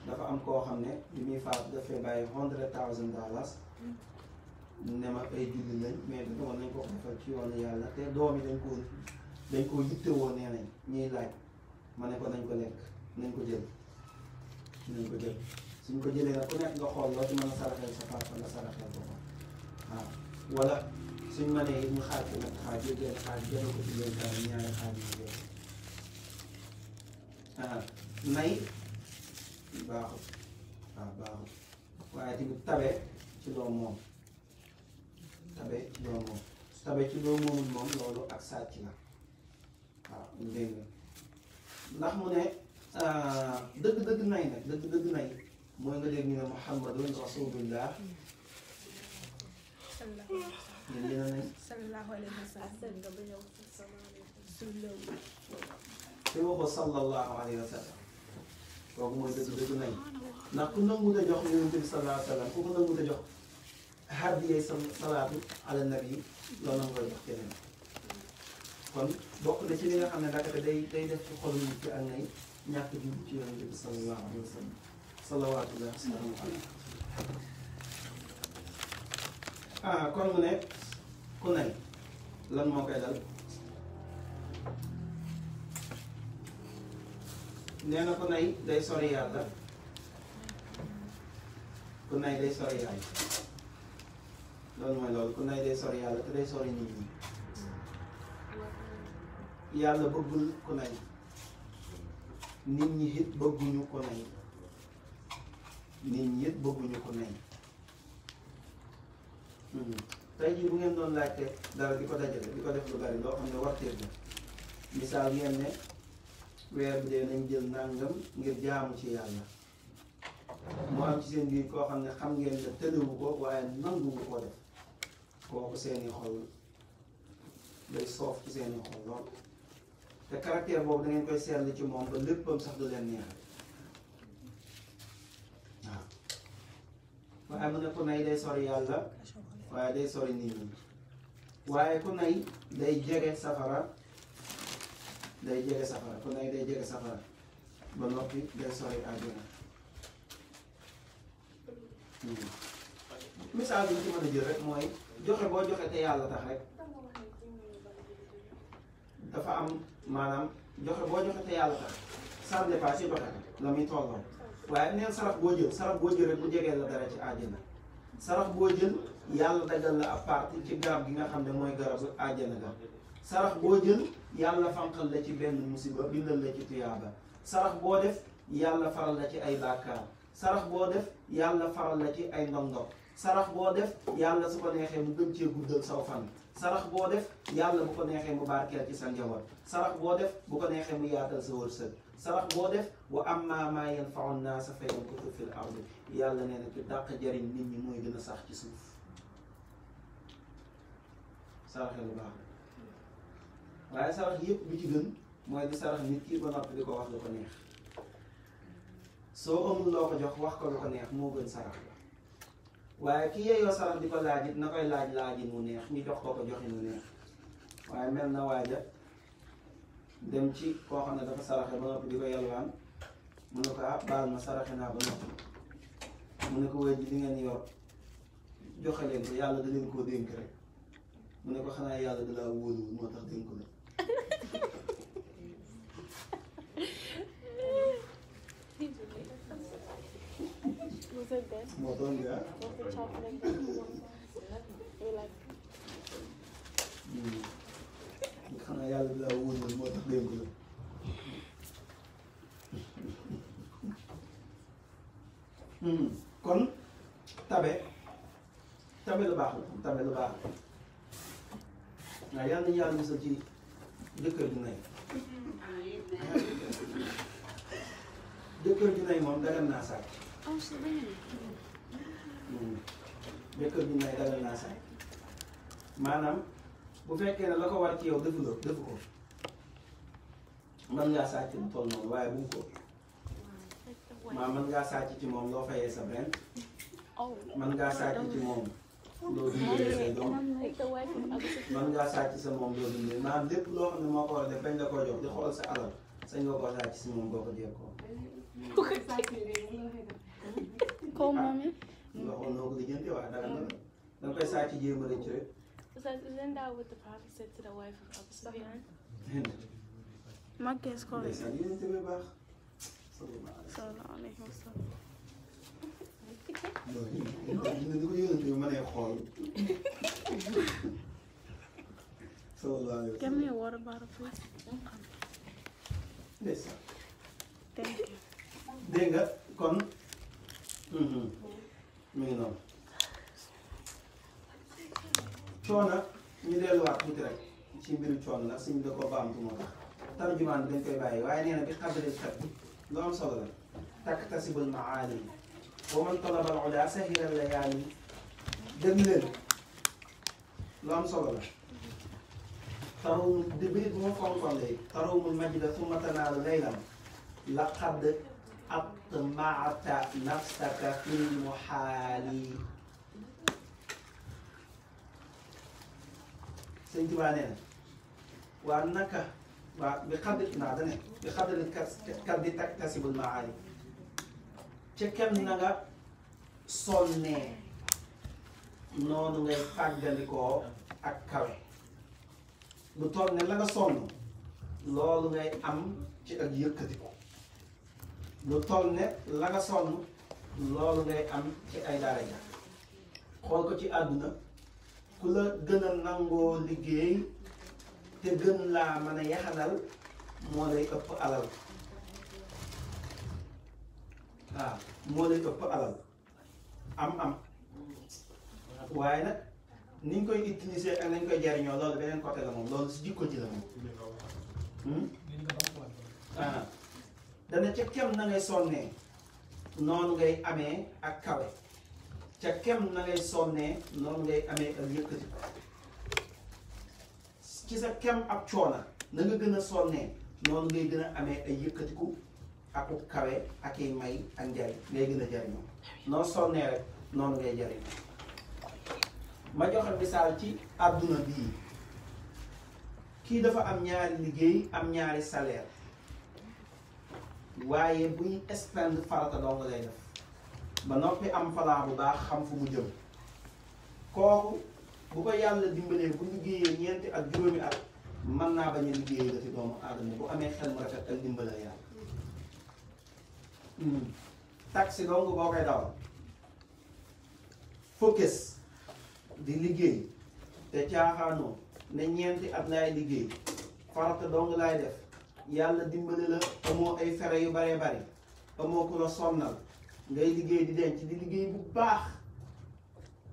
dafa am koo xam ne li muy faatu dafay bàyyi hundred thousand dollars mm. ne ma ay julli lañ mais dafa woon nañ ko defal ci yoonu yàlla te doom yi dañ ko dañ ko yitte woon nee nañ ñuy laaj ma ne ko nañ ko lekk nañ ko jël nañ ko jël suñ ko jëlee nag ku nekk nga xool loo ci mën a saraxeel sa papa nga saraxeel ko ko waaw wala suñ mënee it ñu xaaj ko nag xaaj yi jël xaaj jëlee ko ci yéen ñaari xaaj yi ah, nay baaxut waaw tabe ci loo moom tabe ci loo moom loolu ak sàcc la waaw dégg nga ndax ne euh, dëgg-dëgg nay nag dëgg na nay mooy nga dégg ñu ne muhammadun rasulullah sallallahu alayhi wa sallam te waxoo sallallahu alayhi wa kooku mooy dëgg-dëgg nañ ndax ku nanguut jox yonent bi sallallahu alayhi wa sallam ku loolu nangu koy jox keneen kon bokk na ci li nga xam ne dakate day day def ci xol nit ci ak ngay ñàkk jub ci yonent bi sallallahu alayhi wa sallam salawaatullah salaamu alayhi ah kon mu ne ku nay lan moo koy dal nee na ku nay day sori yàlla ku nay day sori yàlla loolu mooy loolu ku nay day sori yàlla te day sori nit ñi yàlla bëggul ku nay nit ñi it bëgguñu ku nay nit ñi it bëgguñu ku nay tey jii bu ngeen doon laajte dara di ko dajale di ko def lu loo xam ne warteer la misaal ngeen ne weer bi dee nañ jël nàngam ngir jaamu ci yàlla mu am ci seen biir koo xam ne xam ngeen ne tëlewu ko waaye nanguwu ko def kooku seeni xol day soof ci seeni xol lool te caractère boobu da koy seetlu ci moom ba léppam sax du leen neexal waaw waaye mu ne ku nay day sori yàlla waaye day sori nit ñi waaye ku nay day jege safara day jege safara kon nag day jege safara ba noppi day sori àjjana hmm. misaal bi ñu ci mën a jël rek mooy joxe boo joxe te yàlla tax rek dafa am maanaam joxe boo joxe te yàlla tax ça ne pas si joxe rek la muy tolloon waaye neen sarax boo jël sarax boo jël rek bu jegee la dara ci àjjana sarax boo jël yàlla daggal la ab partie ci garab gi nga xam ne mooy garab àjjana ga sarax boo jël yàlla fanqal la ci benn musiba bindal la ci tuyaaba sarax boo def yàlla faral la ci ay bàkkaar sarax boo def yàlla faral la ci ay ndondok sarax boo def yàlla su ko neexee mu gën cee guddal saw fan sarax boo def yàlla bu ko neexee mu barkeel ci sa njaboot sarax boo def bu ko neexee mu yaatal sa wërsëg sarax boo def wa amma maa yanfau nnaasa fa yamkutu fil ardi yàlla nee na ki dàq jariñ nit ñi mooy gën a sax ci suuf saraxe lu baax la waaye sarax yëpp bi ci gën mooy di sarax nit ki ba noppi di ko wax lu ko neex soo amul loo ko jox wax ko lu ko neex moo gën sarax waaye ki yeyoo sarax di ko laajit na koy laaj laajin mu neex ñu jox ko ko neex waaye mel na waaja dem ci koo xam ne dafa saraxe ba noppi di ko yalwaan mu ne ko ah baal ma saraxe naa ba noppi mu ne ko wéy ji ngeen yor joxe leen ko yàlla da leen koo dénk rek mu ne ko xanaa yàlla da laa wóolu moo tax dénk la Was it good? Well done, yeah. Was the chocolate good? You like kon tabe tabe lo baax tabe lo baax waaye yal na jëkkër ju nay jëkkër ju nay moom dagal naa sàcc oh, jëkkër hmm. ju nay dagal naa sàcc maanaam bu fekkee ne la ko war ci yow defu la ko mën ngaa sàcc lu toll noonu waaye bu ko maa mën ngaa sàcc ci moom loo fayee sa benn oh. mën ngaa sàcc ci moom loo dundee donc mën ngaa sàcc sa moom loo dundee maanaam lépp loo xam ne moo ko war a def bañ la ko jox di xool sa alal sañ nga ko sàcc si moom boo ko jéem koo. koo moom it. Ah, nga xool noo ko lijjanti waaye dara nga da nga koy sàcc jéem a rëcc rek. Maguette Kole. ndeysaan yéen a ngi baax. salaamaaleykum. ñu ko yonent bi mënee xool. sallallahu alayhi wa sallam. Give me a water bottle, please. ndeysaan. thank you. dégg nga kon. mi ngi noonu. coono ñu delluwaat tuuti rek ci mbiru coono nag suñ da koo baamtu moo tax tarjumaan dañ koy bàyyi waaye nee na bi xabalee xet lu am solo la takk tasibul maali ومن طلب العلا سهل الليالي لا لام صبر ترون دبيد فوق الليل تروم المجد ثم تنال ليلا لقد أطمعت نفسك في المحال سيدي بعدين وأنك بقدر نعم، بقدر كد تكتسب المعالي ca kenn na nga sonnee noonu ngay tàggalikoo ak kawe lu toll ne la nga sonn loolu ngay am ci ak yëkkatiku lu ne la sonn loolu ngay ci ay xool ko ci àdduna ku la gën nangoo liggéey te gën laa mën a yaxanal moo lay ëpp alal moo lay ëpp alal am-am waaye nag niñ koy utiliser ak nañ koy jariñoo loolu beneen côté la moom loolu si jikko ji la moom. Hmm? ah dana ca kem nangay ngay sonnee noonu ngay amee ak kawe ca kem na ngay sonnee noonu ngay amee ak yëkkati ci sa kem ab coona na nga gën a sonnee noonu ngay gën a amee ay yëkkatiku ak ut ak i may ak njariñ ngay gën a jariñoo noo sonnee rek noonu ngay jariñoo ma joxe misaal ci àdduna bii kii dafa am ñaari liggéey am ñaari saleer waaye buy spend farata dong lay def ba noppi am plan bu baax xam fu mu jëm kooku bu ko yàlla dimbalee bu liggéeyee ñeenti ak juróomi at mën naa bañ a liggéeyee dati doomu aadama bu amee xel mu rafet ak dimbalee yàlla taxi dong boo koy dawal focus di liggéey te caaxaanoo ne ñeenti at laay liggéey farata dong laay def yàlla dimbali la amoo ay fere yu bare bari amoo ku la sonnal ngay liggéey di denc di liggéey bu baax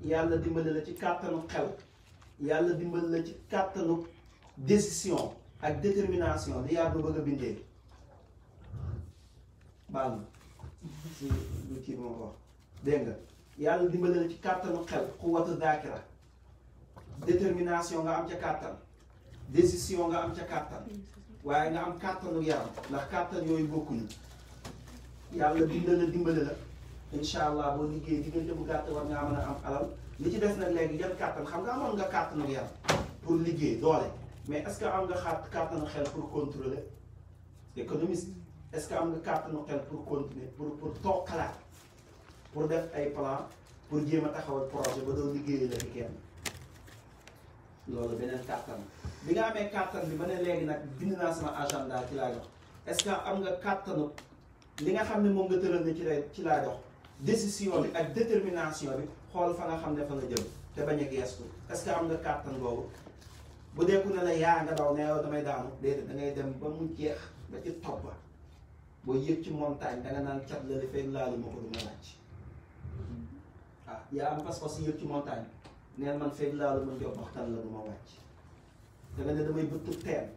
yàlla dimbali la ci kàttanu xel yàlla dimbali la ci kàttanu décision ak détermination li yàlla bëgg a bindee baal na si lu kii moom wax nga yàlla dimbale la ci kàttanu xel xuwatu daakira détermination nga am ca kàttan décision nga am ca kàttan waaye nga am kàttanu yaram ndax kàttan yooyu bokkuñu yàlla dimbale la dimbale la incha allah boo liggéey diggante bu gàtt war ngaa mën a am li ci des nag léegi yan kàttan xam nga amoon nga kàttanu yaram pour liggéey doole mais est que am nga xaat kàttanu pour contrôler l'économiste est-ce que am nga kàttanu xel pour continuer pour pour toog xalaat pour def ay plan pour jéem a taxawal projet ba doo liggéeyee la fi kenn loolu beneen kàttan bi nga amee kàttan bi ba ne léegi nag bind naa sama agenda ci laa dox est-ce que am nga kàttanu li nga xam ne moom nga tëral ne ci lay ci laa dox décision bi ak détermination bi xool fa nga xam ne fa nga jëm te bañ a geestu est-ce que am nga kàttan boobu bu dee ku ne la yaa nga daw ne yow damay daanu da ngay dem ba mu jeex boo yéeg ci montagne danga naan cat la dafay laalu ma ko du ma laaj ah yaa am pas-pas yéeg ci montagne neen man feeg laalu ma jox waxtaan la du ma wàcc danga ne damay bëtt teen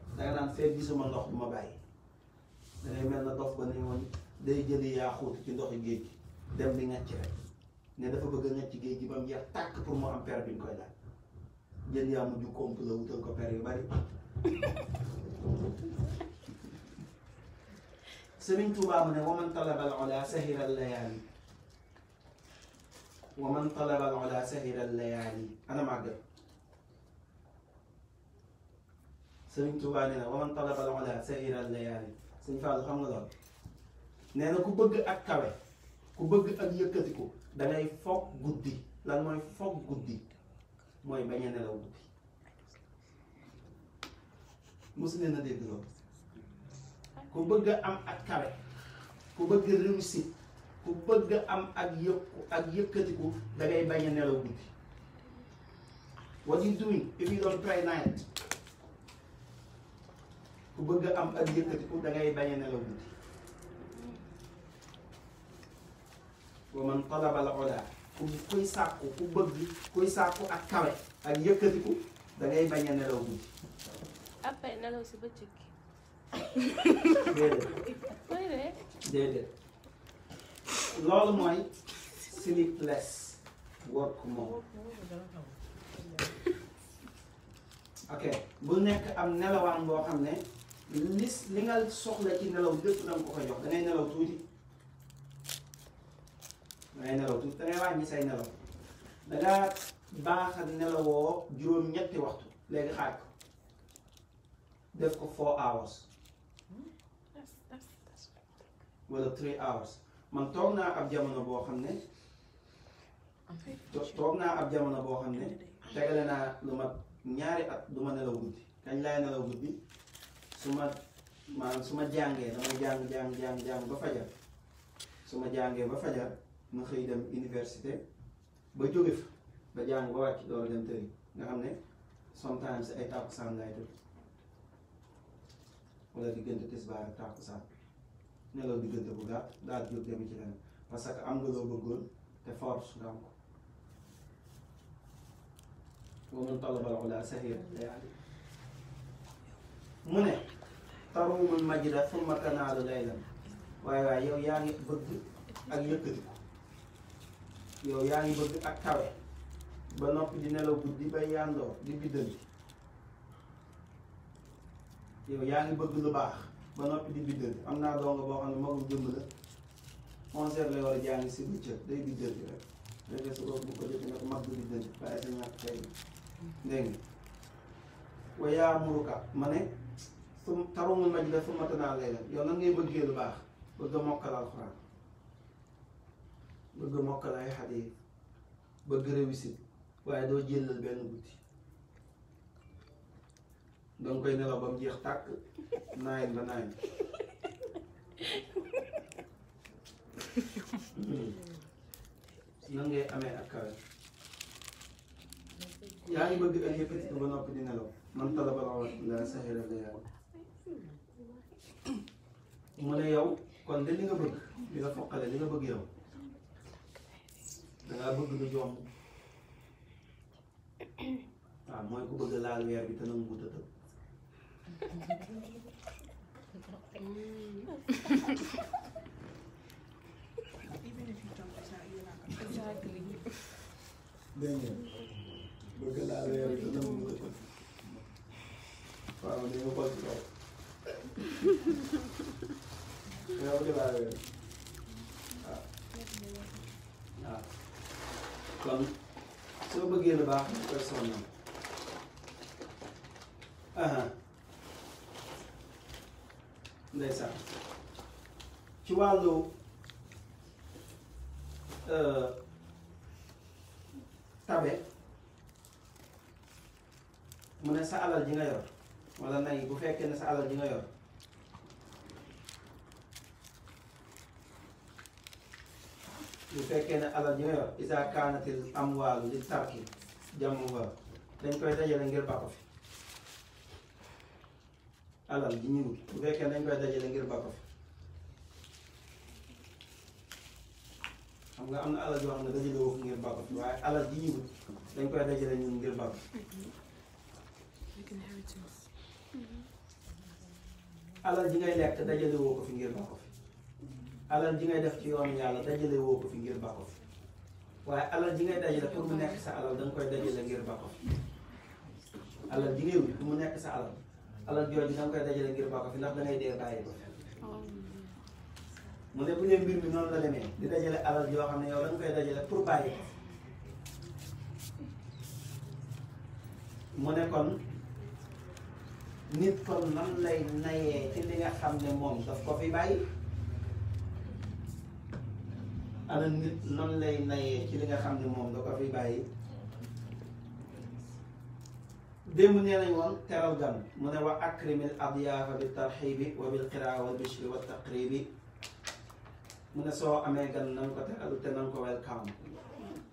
ndox du ma bàyyi dangay mel na dof ba ne woon day jëli yaa xóot ci ndoxi géej gi dem di ngacc rek ne dafa bëgg a ci géej gi ba mu jeex tàkk pour mu am per bi ñu koy laaj jën yaa mujj komp la wutal ko per yu bari *laughs* سمين توبا من ومن طلب العلا سهر الليالي ومن طلب العلا سهر الليالي أنا معقل سمين توبا لنا ومن طلب العلا سهر الليالي سمين فعل خمنا دار نانا أكبر بغ أك كاوي كو بغ يكتكو دالاي فوق غدي لان موي فوق غدي موي باña nelaw guddi musu leen ku bëgg am ak kawe ku bëgg réussite ku bëgg am ak yëkku ak yëkkatiku a nelaw guddi what you doing if night ku bëgg am ak yëkkatiku da ngay bañ nelaw guddi wa man talaba al oda ku kuy sàkku ku bëgg kuy sàkku ak kawe ak yëkkatiku da ngay nelaw guddi déedéet déedéet loolu mooy sleepless work ok bu nekk am nelawaan boo xam ne li li nga soxla ci nelaw lépp danga ko ko jox dangay nelaw tuuti dangay nelaw tuuti dangay wàññi say nelaw dangaa baax ak nelawoo juróom ñetti waxtu léegi xaaj ko def ko four hours wala 3 hours man toog naa ab jamono boo xam ne toog naa ab jamono boo xam ne tegale naa lu ma ñaari at du ma nelaw guddi kañ laay nelaw guddi suma ma suma jange ma jàngee damay jàng jàng ba fajar su ma jàngee ba fajar ma xëy dem université ba jóge fa ba jàng ba wàcc door dem tëri nga xam sometimes ay tàkkusaan laay tëdd wala diggante tisbaar ak tàkkusaan nelaw diggante bu gàtt daal di jóg ci leneen parce que am nga loo bëggoon te force nga am ko wa man talaba al-ulaa sahiiran layaali mu ne taruumul majda summa tanaalu laylan waaye waaye yow yaa ngi bëgg ak yëkkati ko yow yaa ngi bëgg ak kawe ba noppi di nelaw guddi ba yàndoo di biddanti yow yaa ngi bëgg lu baax ba noppi di biddal am naa dongo boo xam ne magum jëmm la onze heures lay war a jàng si bëccëg day biddal bi rek léegi su ko bu ko jotee nag mag du biddal bàyyi sa yaa muruka ma ne su tarumul maj la fu matanaa lay la yow nan ngay bëggee lu baax bëgg a mokkal alxuraan bëgg mokkal ay xadiis bëgg réussite waaye doo jëlal benn guddi dang koy nelaw bam jeex tak naayin la naayin nan ngay amee ak kawe yaa ngi bëgg ak yëkkati ba noppi di nelaw man talaba la wax la sahira la yàlla mo ne yow kon de li nga bëgg li nga foqale li nga bëgg yow da nga bëgg lu jom ah moy ku bëgg laal weer bi tanam nangu mu tëdd Even if you don't it's not you're not gonna Exactly. dégg ngeen bëgg naa weer bi dina mun ko waaw dina ko ci kaw mais bëgg naa weer waaw waaw kon soo bëggee lu ndeysaan ci tabe mu ne sa alal ji nga yor wala nay bu fekkee ne sa alal ji nga yor bu fekkee ne alal ji nga yor isa kaanatil amwaalu li tarki dañ koy dajale ngir alal ji ñu wut bu fekkee dañ koy dajale ngir bàkko fi nga am na alal yoo xam ne dajale woo ko ngir bàkko fi waaye alal ji ñu wut dañ koy dajale ñun ngir bàkko alal ji ngay lekk dajale woo ko fi ngir bàkko alal ji ngay def ci yoonu yàlla dajale woo ko fi ngir bàkko fi waaye alal ji ngay dajale pour mu nekk sa alal da nga koy dajale ngir bàkko fi alal ji ngay wut mu nekk sa alal alal jooju da nga koy dajale ngir bako fi ndax dee bàyyi ko mu ne bu dee mbir la demee di dajale alal yoo xam ne yow da nga koy dajale pour bàyyi mu ne kon nit kon nan lay nayee ci li nga xam ne moom daf ko ci li nga xam ne moom da ko fi démb nee nañ woon teral gan mu ne wa akrimil adyaafa bi tarxiibi wa bil qiraa wal bishri wa taqribi mu ne soo amee gan na ko teral te na welcome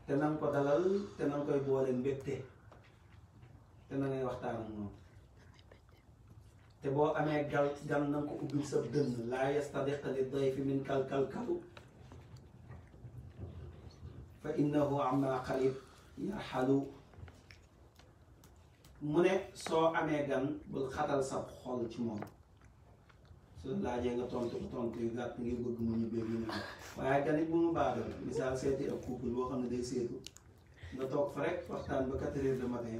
te na nga te na nga koy boole mbégte te na waxtaan te boo amee gal gan na nga ko ubbil sa dënn laa yastadiq li dayfi min kalkalkalu fa innahu amma qarib yarxalu mu ne soo amee gan bul xatal sa xol ci moom su laajee nga tontu tontu yu gàtt ngir bëgg mu ñibbee bi ñu waaye gan it bu mu baadoon misaal seeti ak couple boo xam ne day seetu nga toog fa rek waxtaan ba quatre heures de matin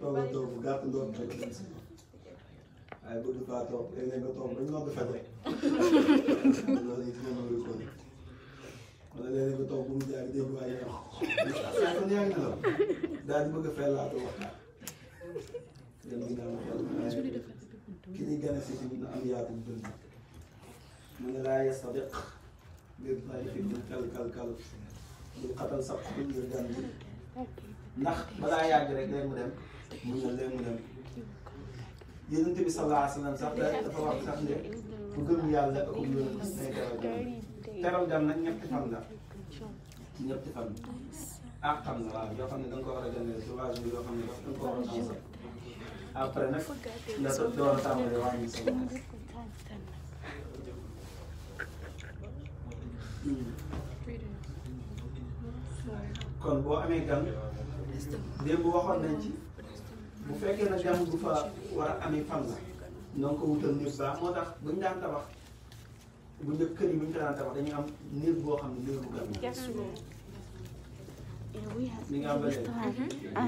tooga toog bu gàtt ndox rek waaye bëgg faa toog léeg-léeg nga toog bañ noo ko faj rek *laughs* loolu it dina ma wala léeg-léeg nga toog bu mu jaay dégg waaye yaa ngi kon yaa ngi nelaw daal di bëgg a fellaatu ki ñuy gën a si tamit na am yaatu mu ne laa yastadiq mbir bàyyi fi mu kal kal kal mu xatal sax xul ngir gan bi ndax balaa yàgg mu dem mu ne mu dem yonent bi sallallahu alayhi wa sallam sax dafa wax sax ne ku gëm yàlla ak yonent bi teral gan nag ñetti fan la ñetti fan ak xam na waaw yoo xam ne da nga ko war a génne sauvage bi yoo xam ne daf da nga ko war a tàmbali après nag nga door a tàmbali wàññi sa kon boo amee gan démb waxoon nañ ci bu fekkee na gan bu fa war a amee fan la donc wutal nit baax moo tax buñ daan tabax bu njëkk kër yi bu ñu ko daan tabax dañuy am néeg boo xam ne néeg bu gàtt. mi ngi am ba léegi. ah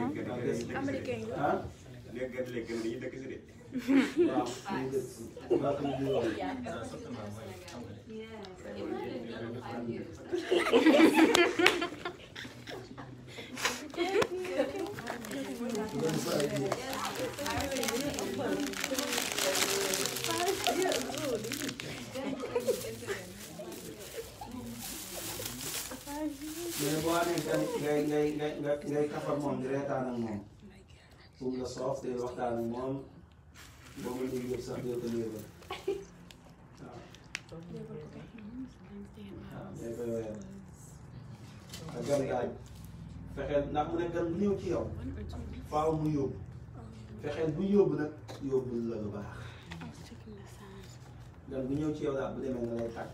léegi gerte léegi gën dañuy dëkk si de. waaw ñu ngi dëkk waaw comme ni wax. Thank you. Ginawa niya ngay ngay ngay ngay ngay kafamon dire tanang mo. Kung la soft dire wak tanang mo. Bumili sa dio to niyo. Agad agad. Fexel nak mu nekk bu ñëw ci yow. Faaw mu yóbbu. Fexel bu yóbbu nag yóbbu la lu baax. Gan bu ñëw ci yow daal bu demee nga lay tàkk.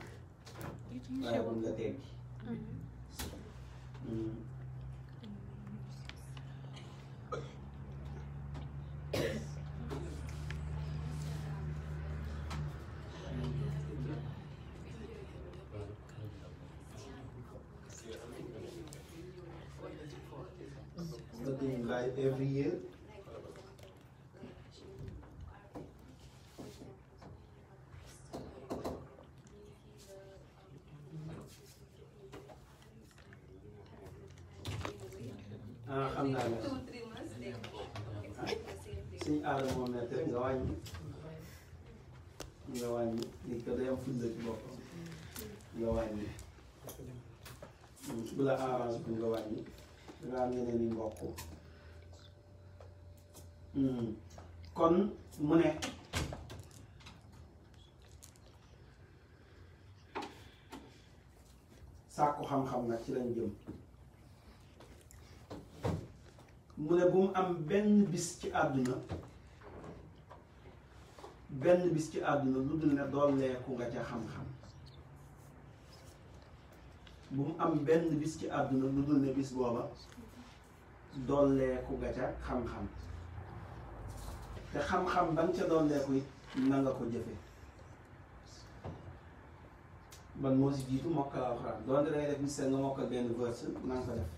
Waaye bu nga teggi. 嗯。ndax avance bi nga wàññi danga am yeneen hmm. kon mu ne sàkku xam-xam nag ci lañ jëm mu ne bu mu am benn bis ci àdduna benn bis ci àdduna lu dul ne dooleeku nga ca xam-xam bu mu am benn bis ci àdduna lu dul ne bis booba dolleeku ga ca xam-xam te xam-xam ba ca dolleeku it na nga ko jëfe ban moo si jiitu mokkal alxuraan doonte day def mistère nga mokkal benn verse na nga ko def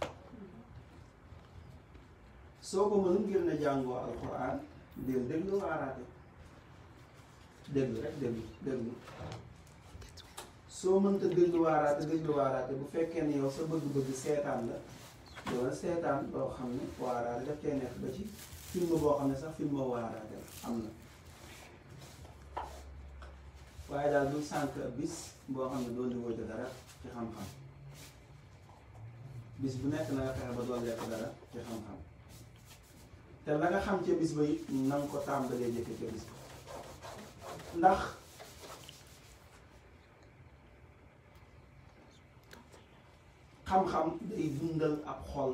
soo ko mënul ngir ne jàngoo alxuraan del déglu waaraate déglu rek déglu déglu soo mënta gëllu waaraate gëllu waaraate bu fekkee ni yow sa bëgg-bëgg seetaan la doona seetaan loo xam ne waaraate daf cee nekk ba ci film boo xam ne sax film boo bis xam ne doon di wóote dara ci xam-xam bis bu nekk na nga fexe ba doon lekk dara ci xam-xam te la nga xam ca bis ba it na nga ko tàmbalee jëkke ca bis ba ndax xam-xam day dundal ab xol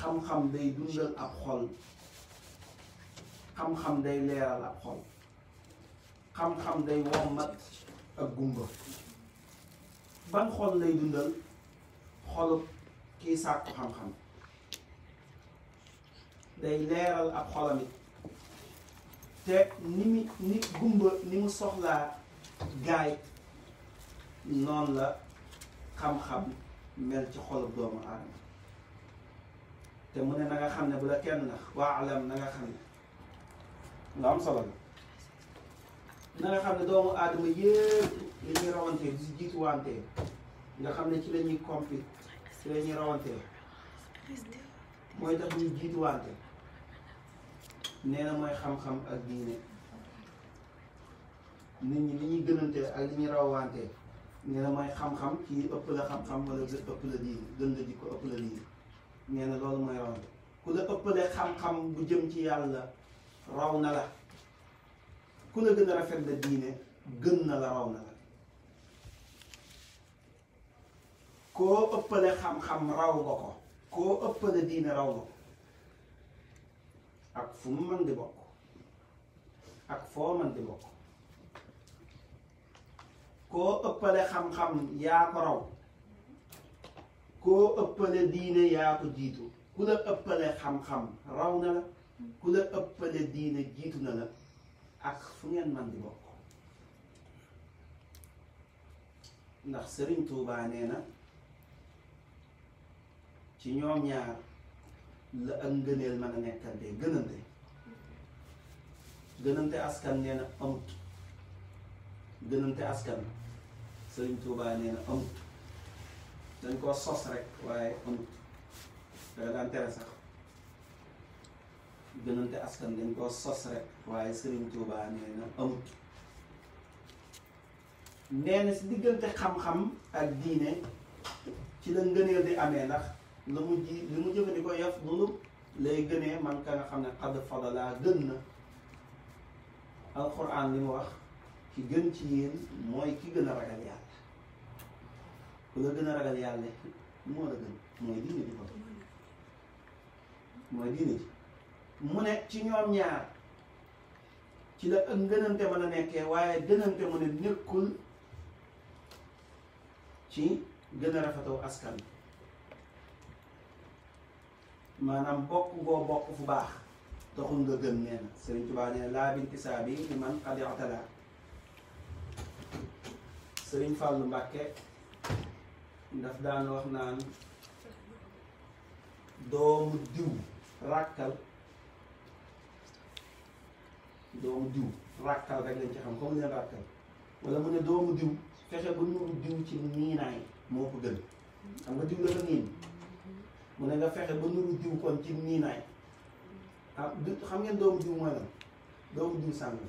xam-xam day dundal ab xol xam-xam day leeral a xol xam-xam day ban xol lay dundal xolub kii sàkku xam-xam day leeral ab xolam it te ni mu ni gumba gaay noonu la xam-xam mel ci xolub doomu aadama te mu ne na nga xam ne bu la kenn nax waa alam na nga xam ne nga am solo la na nga xam ne doomu aadama yëpp li ñuy rawantee di jiituwantee nga xam ne ci la ñuy compli ci la ñuy rawantee mooy tax ñuy jiituwante nee na mooy xam-xam ak diine nit ñi li ñuy gënante ak li ñuy rawantee nee na mooy xam-xam kii ëpp la xam-xam wala ëpp la diine gën la jikko ëpp la diine nee loolu mooy rawante ku la ëppale xam-xam bu jëm ci yàlla raw na la ku la gën a rafet la diine gën na la raw na la koo ëppale xam-xam raw nga ko koo ëppale diine raw nga ko ak fu mu mën di bokk ak foo mën di bokk koo ëppale xam-xam yaa ko raw koo ëppale diine yaa ko jiitu ku la ëppale xam-xam raw na la ku la ëppale diine jiitu na la ak fu ngeen man di bokk ndax sëriñ Tuubaa nee na ci ñoom ñaar la ak ngëneel mën a nekkante gënante gënante askan nee na amut gënante askan sëriñ Touba nee na dañ koo sos rek waaye amut dañ koo sos rek waaye sëriñ Touba nee na amut si diggante xam-xam ak diine ci la ngëneel di amee ndax lu mu ji lu mu jëfandikoo yaf lulu lay gënee man ka nga xam ne xadd fadala gën na alxuraan li mu wax ki gën ci yéen mooy ki gën a ragal yàlla ku la gën a ragal yàlla moo la gën mooy diine ji ko mooy diine ji mu ne ci ñoom ñaar ci la ak ngënante mën a nekkee waaye dënante mu ne nekkul ci gën a rafetoo askan maanaam bokk ngoo bokk fu baax taxul nga gën nee na Sëriñ Tuubaa nee laa binti saa bi man xadi otala Sëriñ Fàllu Mbàkke daf daan wax naan doomu diw ràkkal doomu diw ràkkal rek lañ ci xam comme ne ràkkal wala mu ne doomu diw fexe ba nuru diw ci niinaay moo ko gën xam nga diw la ko niin mu ne nga fexe ba nuru diw kon ci niinaay ah xam ngeen doomu diw mooy lan doomu diw sànni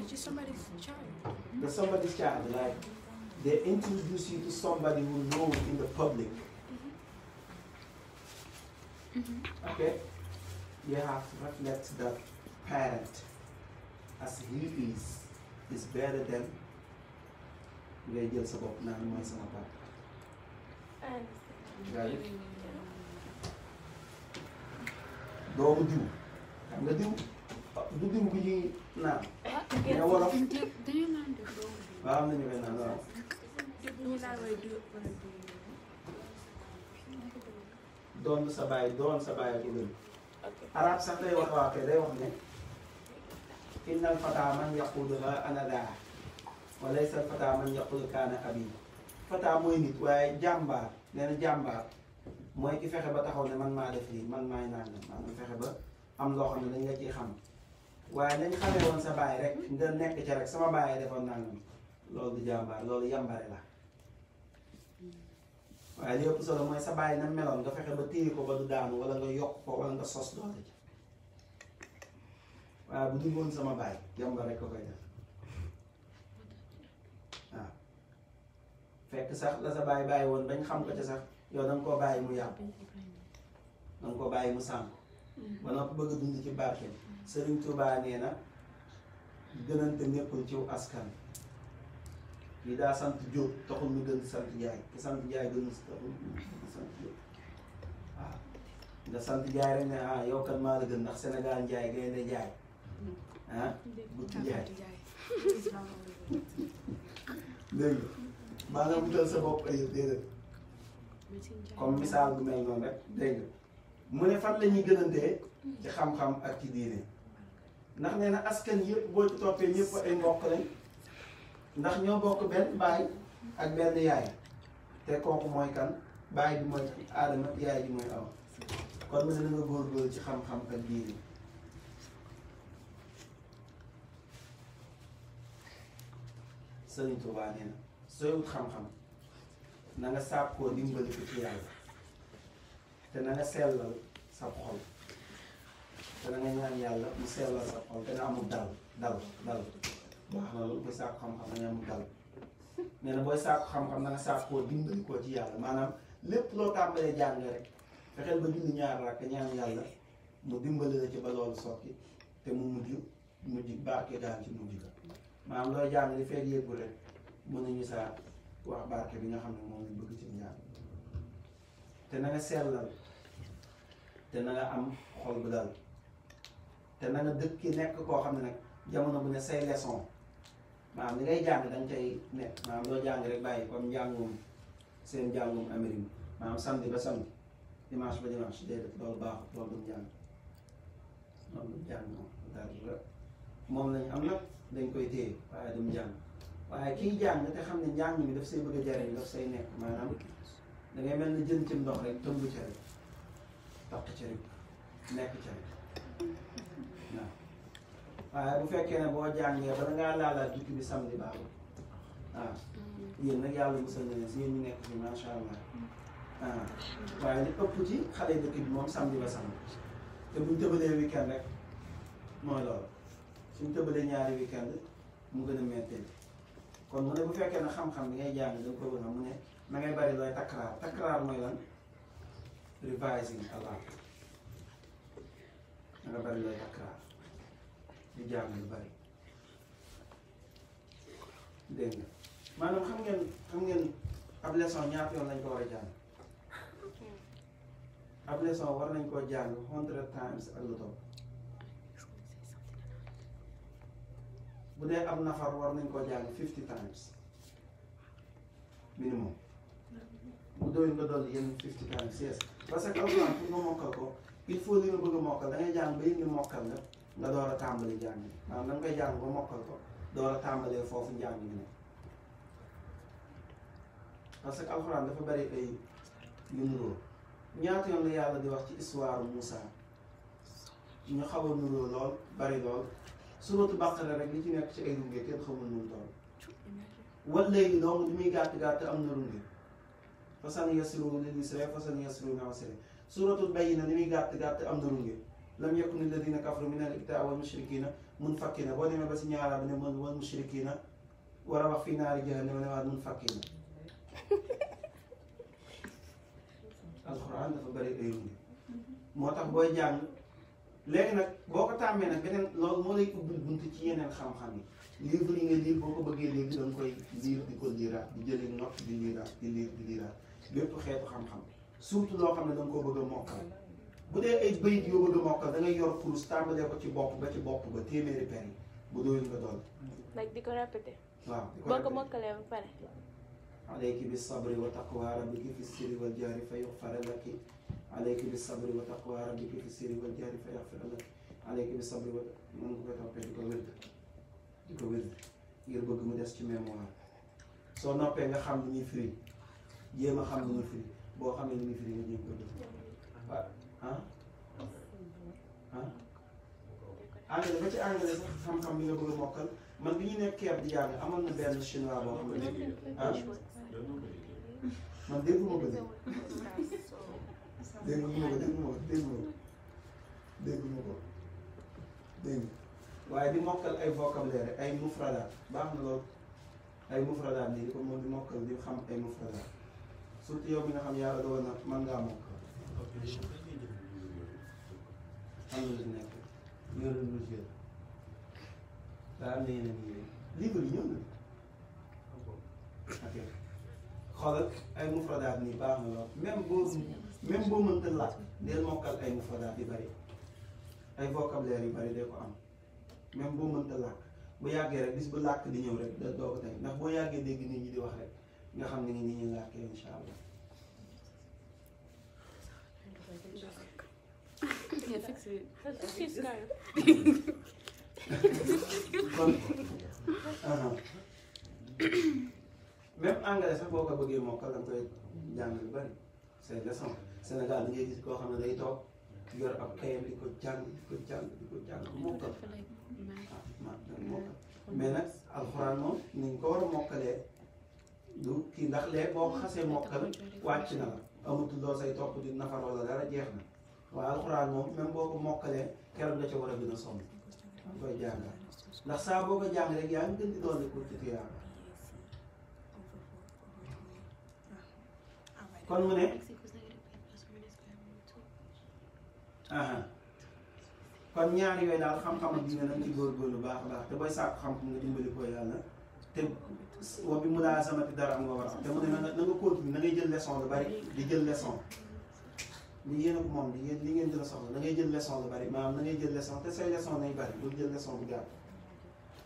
it's just somebody's child. That's somebody's child. Like they introduce you to somebody who knows in the public. Mm-hmm. Okay, you have to reflect the parent as he is is better than radials about nine months and about. Right? Don't do. I'm gonna do. du diw bu ñuy naan. mais wolof waaw am na ñu koy naan waaw. doon sa bàyyi doon sa bàyyi ko gën. arab sax day wax waa kay day wax ne. inna al fata man yaquluha ana daa wa laysa al fata man yaqulu kaana abi fata mooy nit waaye jàmbaar nee jàmbaar mooy ki fexe ba taxaw ne man maa def lii man maay naan man fexe ba am loo xam ne dañ la ciy xam. waaye nañ xamee woon sa baay rek nga nekk ca rek sama baay defoon nangam loolu du jàmbaar loolu yambare la waaye li ëpp solo mooy sa baay na meloon nga fexe ba téye ko ba du daanu wala nga yokk ko wala nga sos doole ci waaye bu dul woon sama baay yamba rek ko koy def waaw fekk sax la sa baay bàyyi woon bañ xam ko ca sax yow da nga koo bàyyi mu yàqu da koo bàyyi mu sànq mm. ba noppi bëgg dund ci barkeem Sëriñ Tuubaa nee na gënante nekkul ciw askan kii daa sant Jóob taxul mu gën sant Njaay ki sant Njaay gënul taxul mu nga sant Njaay rek ne ah yow maa la ndax Sénégal Njaay gaynde Njaay ah butti Njaay *laughs* dégg nga maanaam sa bopp ay déedéet comme misaal bu mel noonu rek dégg mu ne fan la ñuy gënantee ci xam-xam ak ci diine ndax nee na askan yépp boo ci toppee ñëpp ay mbokk lañ ndax ñoo bokk benn baay ak benn yaay te kooku mooy kan baay bi mooy aadama yaay bi mooy aw kon mu na nga góorgóor ci xam-xam ak diine Sëriñ Tuubaa nee na sooy wut xam-xam na nga sàkkoo dimbali ko ci yàlla te na nga sellal sa xol dana nga ñaan yàlla mu sellal sa xol dana amul dal dal dal wax na loolu booy sàkku xam-xam da na booy sàkku xam-xam na nga sàkkoo dimbali koo ci yàlla maanaam lépp loo tàmbalee jàng rek fexeel ba julli ñaar rakk ñaan yàlla mu dimbali la ci ba loolu sotti te mu mujj mujj barke daan ci mujj ga maanaam looy jàng li fekk yëggu rek mën nañu saa wax barke bi nga xam ne moom lañ bëgg ci ñaan te na nga sellal te na am xol bu dal te na nga dëkk nekk koo xam ne nag jamono bu ne say leçon maanaam li ngay jàng da nga cay nekk maanaam loo jàng rek bàyyi comme njàngum seen njàngum Amérique maanaam samedi ba samedi dimanche ba dimanche déedéet loolu baaxut loolu duñ jàng loolu duñ jàng moom dara moom lañ am nag dañ koy téye waaye duñ jàng waaye kiy jàng te xam ne njàng mi daf say bëgg a jariñ daf say nekk maanaam da ngay mel ni jën ci ndox rek tëmb ca rek toq ca rek nekk ca rek waaye bu fekkee ne boo jàngee ba dangaa laalaal jukki bi samedi baaxul waaw mm-hmm. yéen yàlla musal na leen si yéen ñu nekk fi macha allah mm-hmm. ah. waaye li ëpp ci xale dëkk bi moom samedi ba samedi te buñ tëbalee weekend rek mooy loolu suñ tëbalee ñaari weekend mu gën a mettee kon mu ne bu fekkee ne xam-xam bi ngay jàng da nga koy wër mu ne na bari looy takraar takraar mooy lan revising a lot bari looy takraar di jàng lu bari dégg nga maanaam xam ngeen xam ngeen ab leçon ñaata yoon lañ ko war war nañ koo jàng hundred times ak lu topp bu dee ab nafar nañ koo jàng fifty times minimum mu doy nga dolli yenn fifty times yes parce que alxuraan pour nga mokkal ko il faut li nga bëgg a mokkal da ngay jàng ba yëngu mokkal nga nga door a tàmbali jàng maanaam da nga koy jàng ba mokkal ko door a tàmbalee foofu njàng mi ne parce que alxuraan dafa bari ay yu nuroo ñaata yoon la yàlla di wax ci histoire Moussa ñu xaw a nuroo lool bari lool suratu Baqara rek li ci nekk ci ay runge kenn xamul nu mu toll wala léegi donc li muy gàtt gàtt am na runge fasan yasiru lil yusra fasan yasiru lil usra suratul Bayyina li muy gàtt gàtt am na runge لم يكن الذين كفروا من الابتاع والمشركين منفكين بون ما بس نيا على بن والمشركين وربا في نار جهنم نواد منفكين *laughs* القران دفع بريء ايوني موتاك بوي جان لين نك بوكا تامي نك بنين لول مولاي كوبل بنتي تي ينن خام خامي ليفري نغي لير بوكو بغي لير دي نكوي لير دي كو ليرا دي جيلي نوت دي بيب خيتو خام خام سورتو لو خامني دنجكو بغا موكال bu dee ay bayit yoo bëgg a mokkal da ngay yor kurus tàmbalee ko ci bopp ba ci bopp ba téeméeri per yi bu doyul nga doon. nag di ko répété. waaw di ko répété boo ko mokkalee ba pare. alayki bi sabri wa taqwa rabbiki fi sirri wal jaari fa yuxfara laki alayki bi sabri wa taqwa rabbiki fi sirri wal jaari fa yuxfara laki alayki bi sabri wa moom nga ko toppee di ko wérd di ko wérd ngir bëgg mu des ci mémoire soo noppee nga xam ni ñuy firi jéem a xam ni ñuy firi boo xamee ni ñuy firi nga jéem ko def waaw. ah anglais ba ci anglais sax xam-xam bi nga bëgg man bi ñu nekk keeb di jàng amoon na benn chinois boo xam man déggu ma ko de déggu ma ko déggu ma ko déggu waaye di mokal ay vocabulaire ay mufradaat baax na loolu ay mufradaat nii di ko moom di mokkal am na lu nekk ñoo doon lu jël daa am na yeneen yéen livre yi ñëw na ok xoolal ay mufradaat nii baax na lool même boo même boo mënta laaj del mokkal ay mufradaat yu bëri ay vocabulaire yu bëri day ko am même boo mënta làkk bu yàggee rek bis bu làkk di ñëw rek da doo ko tey ndax boo yàggee dégg nit ñi di wax rek nga xam ne ni ñuy làkkee incha allah Yeah, fix it. Fix your scarf. même anglais sax boo ko bëggee mokkal da nga koy jàng lu bari c'est leçon Sénégal da ngay gis koo xam ne day toog yor ab kayam di ko ni nga ko war a mokkalee du kii ndax lee boo xasee na la amatul loo say topp di nafaroo la dara jeex na waaye alxuraan moom même boo ko mokkalee keroog nga ca war a gën a ndax saa boo ko jàng rek yaa ngi gën di doon pour ci tuyaaba kon mu ne kon ñaar yooyu daal xam-xam ak diine nag ci góorgóorlu baax a baax te booy sàkk xam-xam nga dimbali ko yàlla te wa bi mu laa samati dara am te mu ne na nga continue na ngay jël leçon lu di jël leçon li yéen ak moom li yéen li ngeen gën a soxla da ngay jël leçon lu bari maanaam na ngay jël leçon te say leçon nay bari bul jël leçon bu gàtt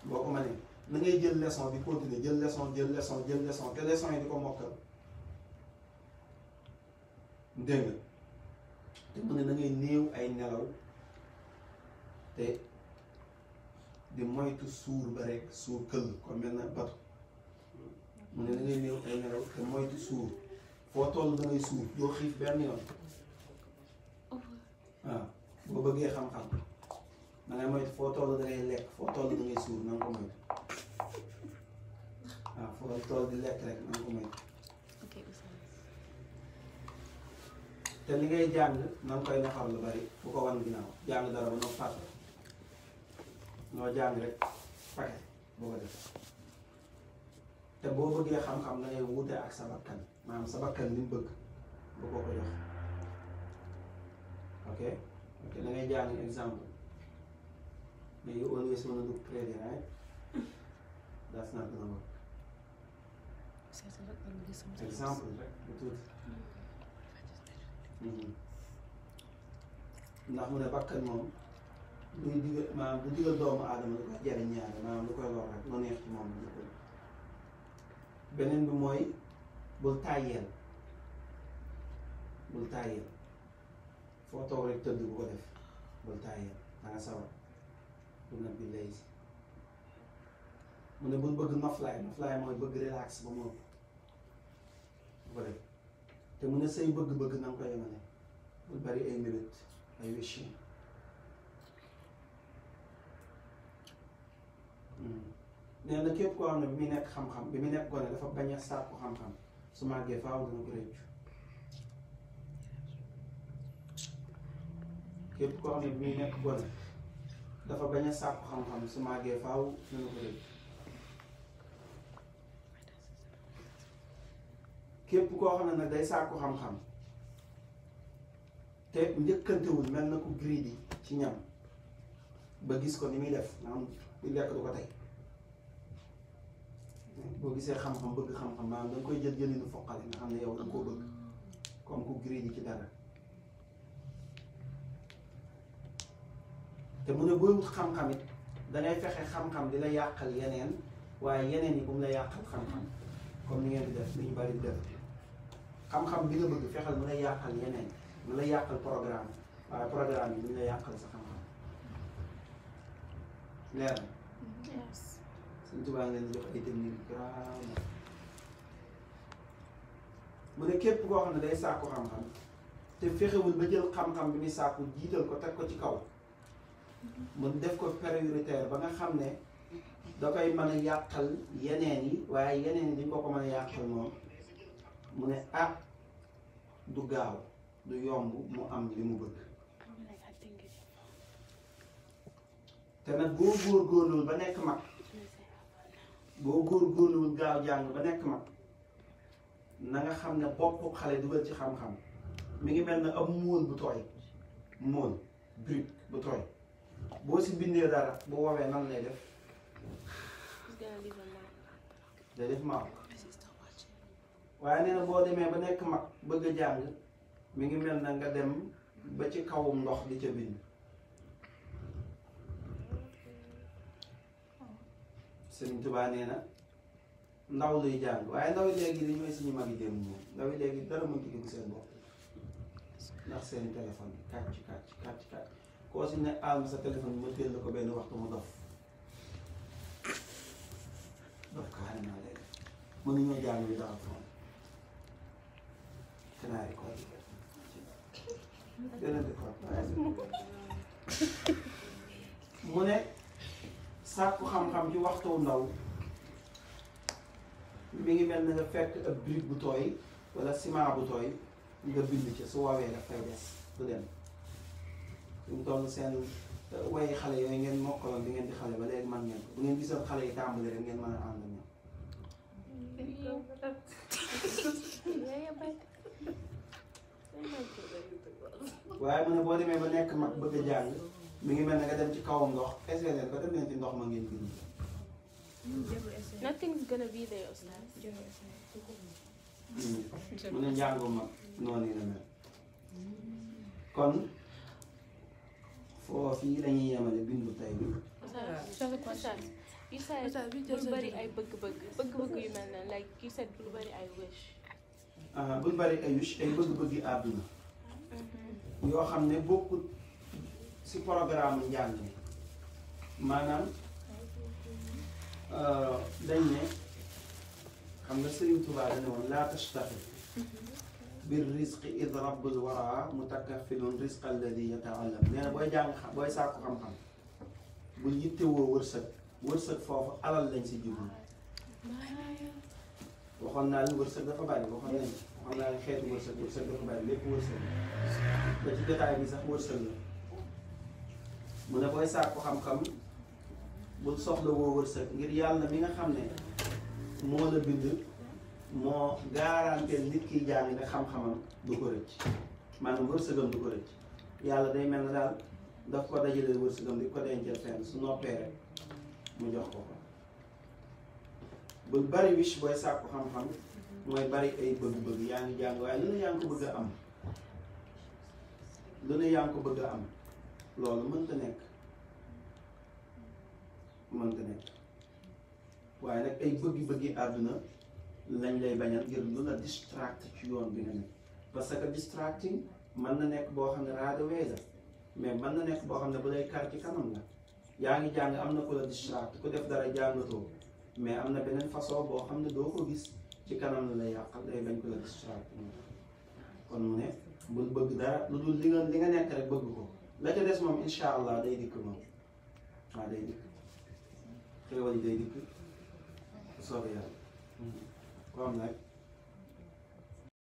boo ko mënee na jël leson bi continuer jël leçon jël leçon jël leçon te leçon yi di ko mokkal dégg te mu ne na ngay néew ay nelaw te di moytu suur ba rek suur këll comme mel na batu mu ne na ngay néew ay nelaw te moytu suur foo toll da suur doo xiif benn yoon waaw boo bëggee xam-xam da ngay moytu foo toll da lekk foo toll da suur na ko moytu waaw foo toll di lekk rek na ko moytu te li ngay jàng na nga koy naxar lu bari bu ko wan ginnaaw jàng dara ba noo fàtte noo jàng rek paquet boo ko def te boo bëggee xam-xam da ngay ak sa bakkan maanaam sa li bëgg bu ko ko jox ok te da ngay jàng exemple mais you always want to look pretty right that's not gonna work exemple rek bu tuuti mhm. ndax mu ne bakkan moom luy digal maanaam lu digal doomu aadama lu koy jariñ ñaare maanaam lu koy lor rek lu neex ci moom lu bul tàyyeel bul foo toog rek tëdd bu ko def bul tàyyi da nga sawar bi lay mu ne bul bëgg noflaay noflaay mooy bëgg relax ba mu ëpp def te mu ne say bëgg-bëgg na nga ko yemale bul bari ay minute ay wéchin hmm. nee na képp koo xam ne bi muy nekk xam-xam bi mu nekk gone dafa bañ a sàkku xam-xam su màggee faaw dana ko réccu képp koo xam ne bi muy nekk gone dafa bañ a sàkku xam-xam su màggee faaw dina ko dégg képp koo xam ne nag day sàkku xam-xam te njëkkantewul mel na ku gri di ci ñam ba gis ko ni muy def maanaam bu lekk du ko tey boo gisee xam-xam bëgg xam-xam maanaam da nga koy jël jëlinu foqale nga xam ne yow da nga koo bëgg comme ku gri ci dara te mu ne booy wut xam-xam it da fexe xam-xam di la yàqal yeneen waaye yeneen yi bu mu la yàqal xam-xam comme ni ngeen di def li ñu bari def xam-xam bi nga bëgg fexeel mu la yàqal yeneen mu programme waaye programme yi mu la yàqal sa xam-xam leer jox ay technique grave ne képp koo xam ne day sàkku xam-xam te fexewul ba jël xam-xam bi mu sàkku jiital ko teg ko ci kaw mun def ko prioritaire ba nga xam ne da koy mën a yàqal yeneen yi waaye yeneen yi duñ ko ko mën a yàqal moom mu ne ah du gaaw du yomb mu am li mu bëgg te nag boo góorgóorluwul ba nekk mag boo góorgóorluwul gaaw jàng ba nekk mag na xam ne boppu xale dugal ci xam-xam mi ngi mel ne am móol bu tooy móol brut bu tooy boo si bindee dara bu woowee nan lay def day def maam waaye nee boo demee ba nekk mag bëgg a jàng mi ngi mel na nga dem ba ci kawum ndox li ca bind Sëriñ Tuubaa nee na ndaw luy jàng waaye ndaw yi léegi dañooy suñu mag yi dem ñoom ndaw léegi dara mënut a dugg seen bopp ndax seen téléphone bi kàcc kàcc kàcc kàcc koo si ne am sa téléphone ma jël ko benn waxtu mu dof dof kaare naa leen mënuñoo jàng li daal foon xanaa ko mu ne sàkku xam-xam ci waxtu ndaw mi ngi mel ne nga fekk ab brique bu tooy wala ciment bu tooy nga bind ci su wawee daf des du dem ñu toll seen euh, waye xale yooyu ngeen mokkaloon ngeen di xale ba léegi man ngeen bu ngeen xale yi tàmbali rek ngeen mën a ànd ñoom. waaye mu ne boo demee ba nekk mag bëgg a jàng mi ngi mel ne nga dem ci kawam ndox SVT ba dem leen ci ndox ma ngeen bind. nothing's gonna be there mm. mu ne njàngu mag noonu la kon. foofii la ñuy yemale bindu tay bi. yu sax bu bari ay bëgg-bëgg bëgg-bëgg yu mel noonu like yu sax bari ay wish. ah bari ay wish ay bëgg-bëgg yu àdduna. yoo xam ne bokkut si programme njàng mi maanaam ah, dañ ne xam nga Serigne Touba dañu woon laa tashtaxi بالرزق إذ رب الورى متكفل رزق الذي يتعلم nee na booy jàng xam booy sàkku xam-xam bul yittewoo wërsëg wërsëg foofu alal lañ si jublu waxoon naa leen wërsëg dafa bari waxoon nañ waxoon naa leen xeetu wërsëg wërsëg dafa bari lépp wërsëg ba ci jotaay bi sax wërsëg la mu ne booy sàkku xam-xam bul soxla woo wërsëg ngir yàlla mi nga xam ne moo la bind moo garanteel nit kiy jàng ne xam-xamam du ko rëcc maanaam wërsëgam du ko rëcc yàlla day mel na daal daf ko dajalee wërsëgam di ko dencal fenn su noppee rek mu jox ko ko bul bari wish booy sàkku xam-xam mooy bari ay bëgg-bëgg yaa ngi jàng waaye lu ne yaa ko bëgg am lu ne yaa ko bëgg am loolu mënta nekk mënta nekk waaye nag ay bëgg-bëggi àdduna lañ lay bañal ngir lu la distract ci yoon bi nga parce que distracting mën na nekk boo xam ne raada weesa mais mën na nekk boo xam ne bu lay kar ci kanam la yaa ngi jàng am la distract ku def dara jàngatoo mais am na beneen façon boo xam ne doo ko gis ci kanam la lay yàqal day bañ ku la distract kon mu ne Bu bëgg dara lu dul li nga li nga nekk rek bëgg ko la ca des moom incha day dikk moom waaw day dikk xéewal day dikk soobee yàlla from that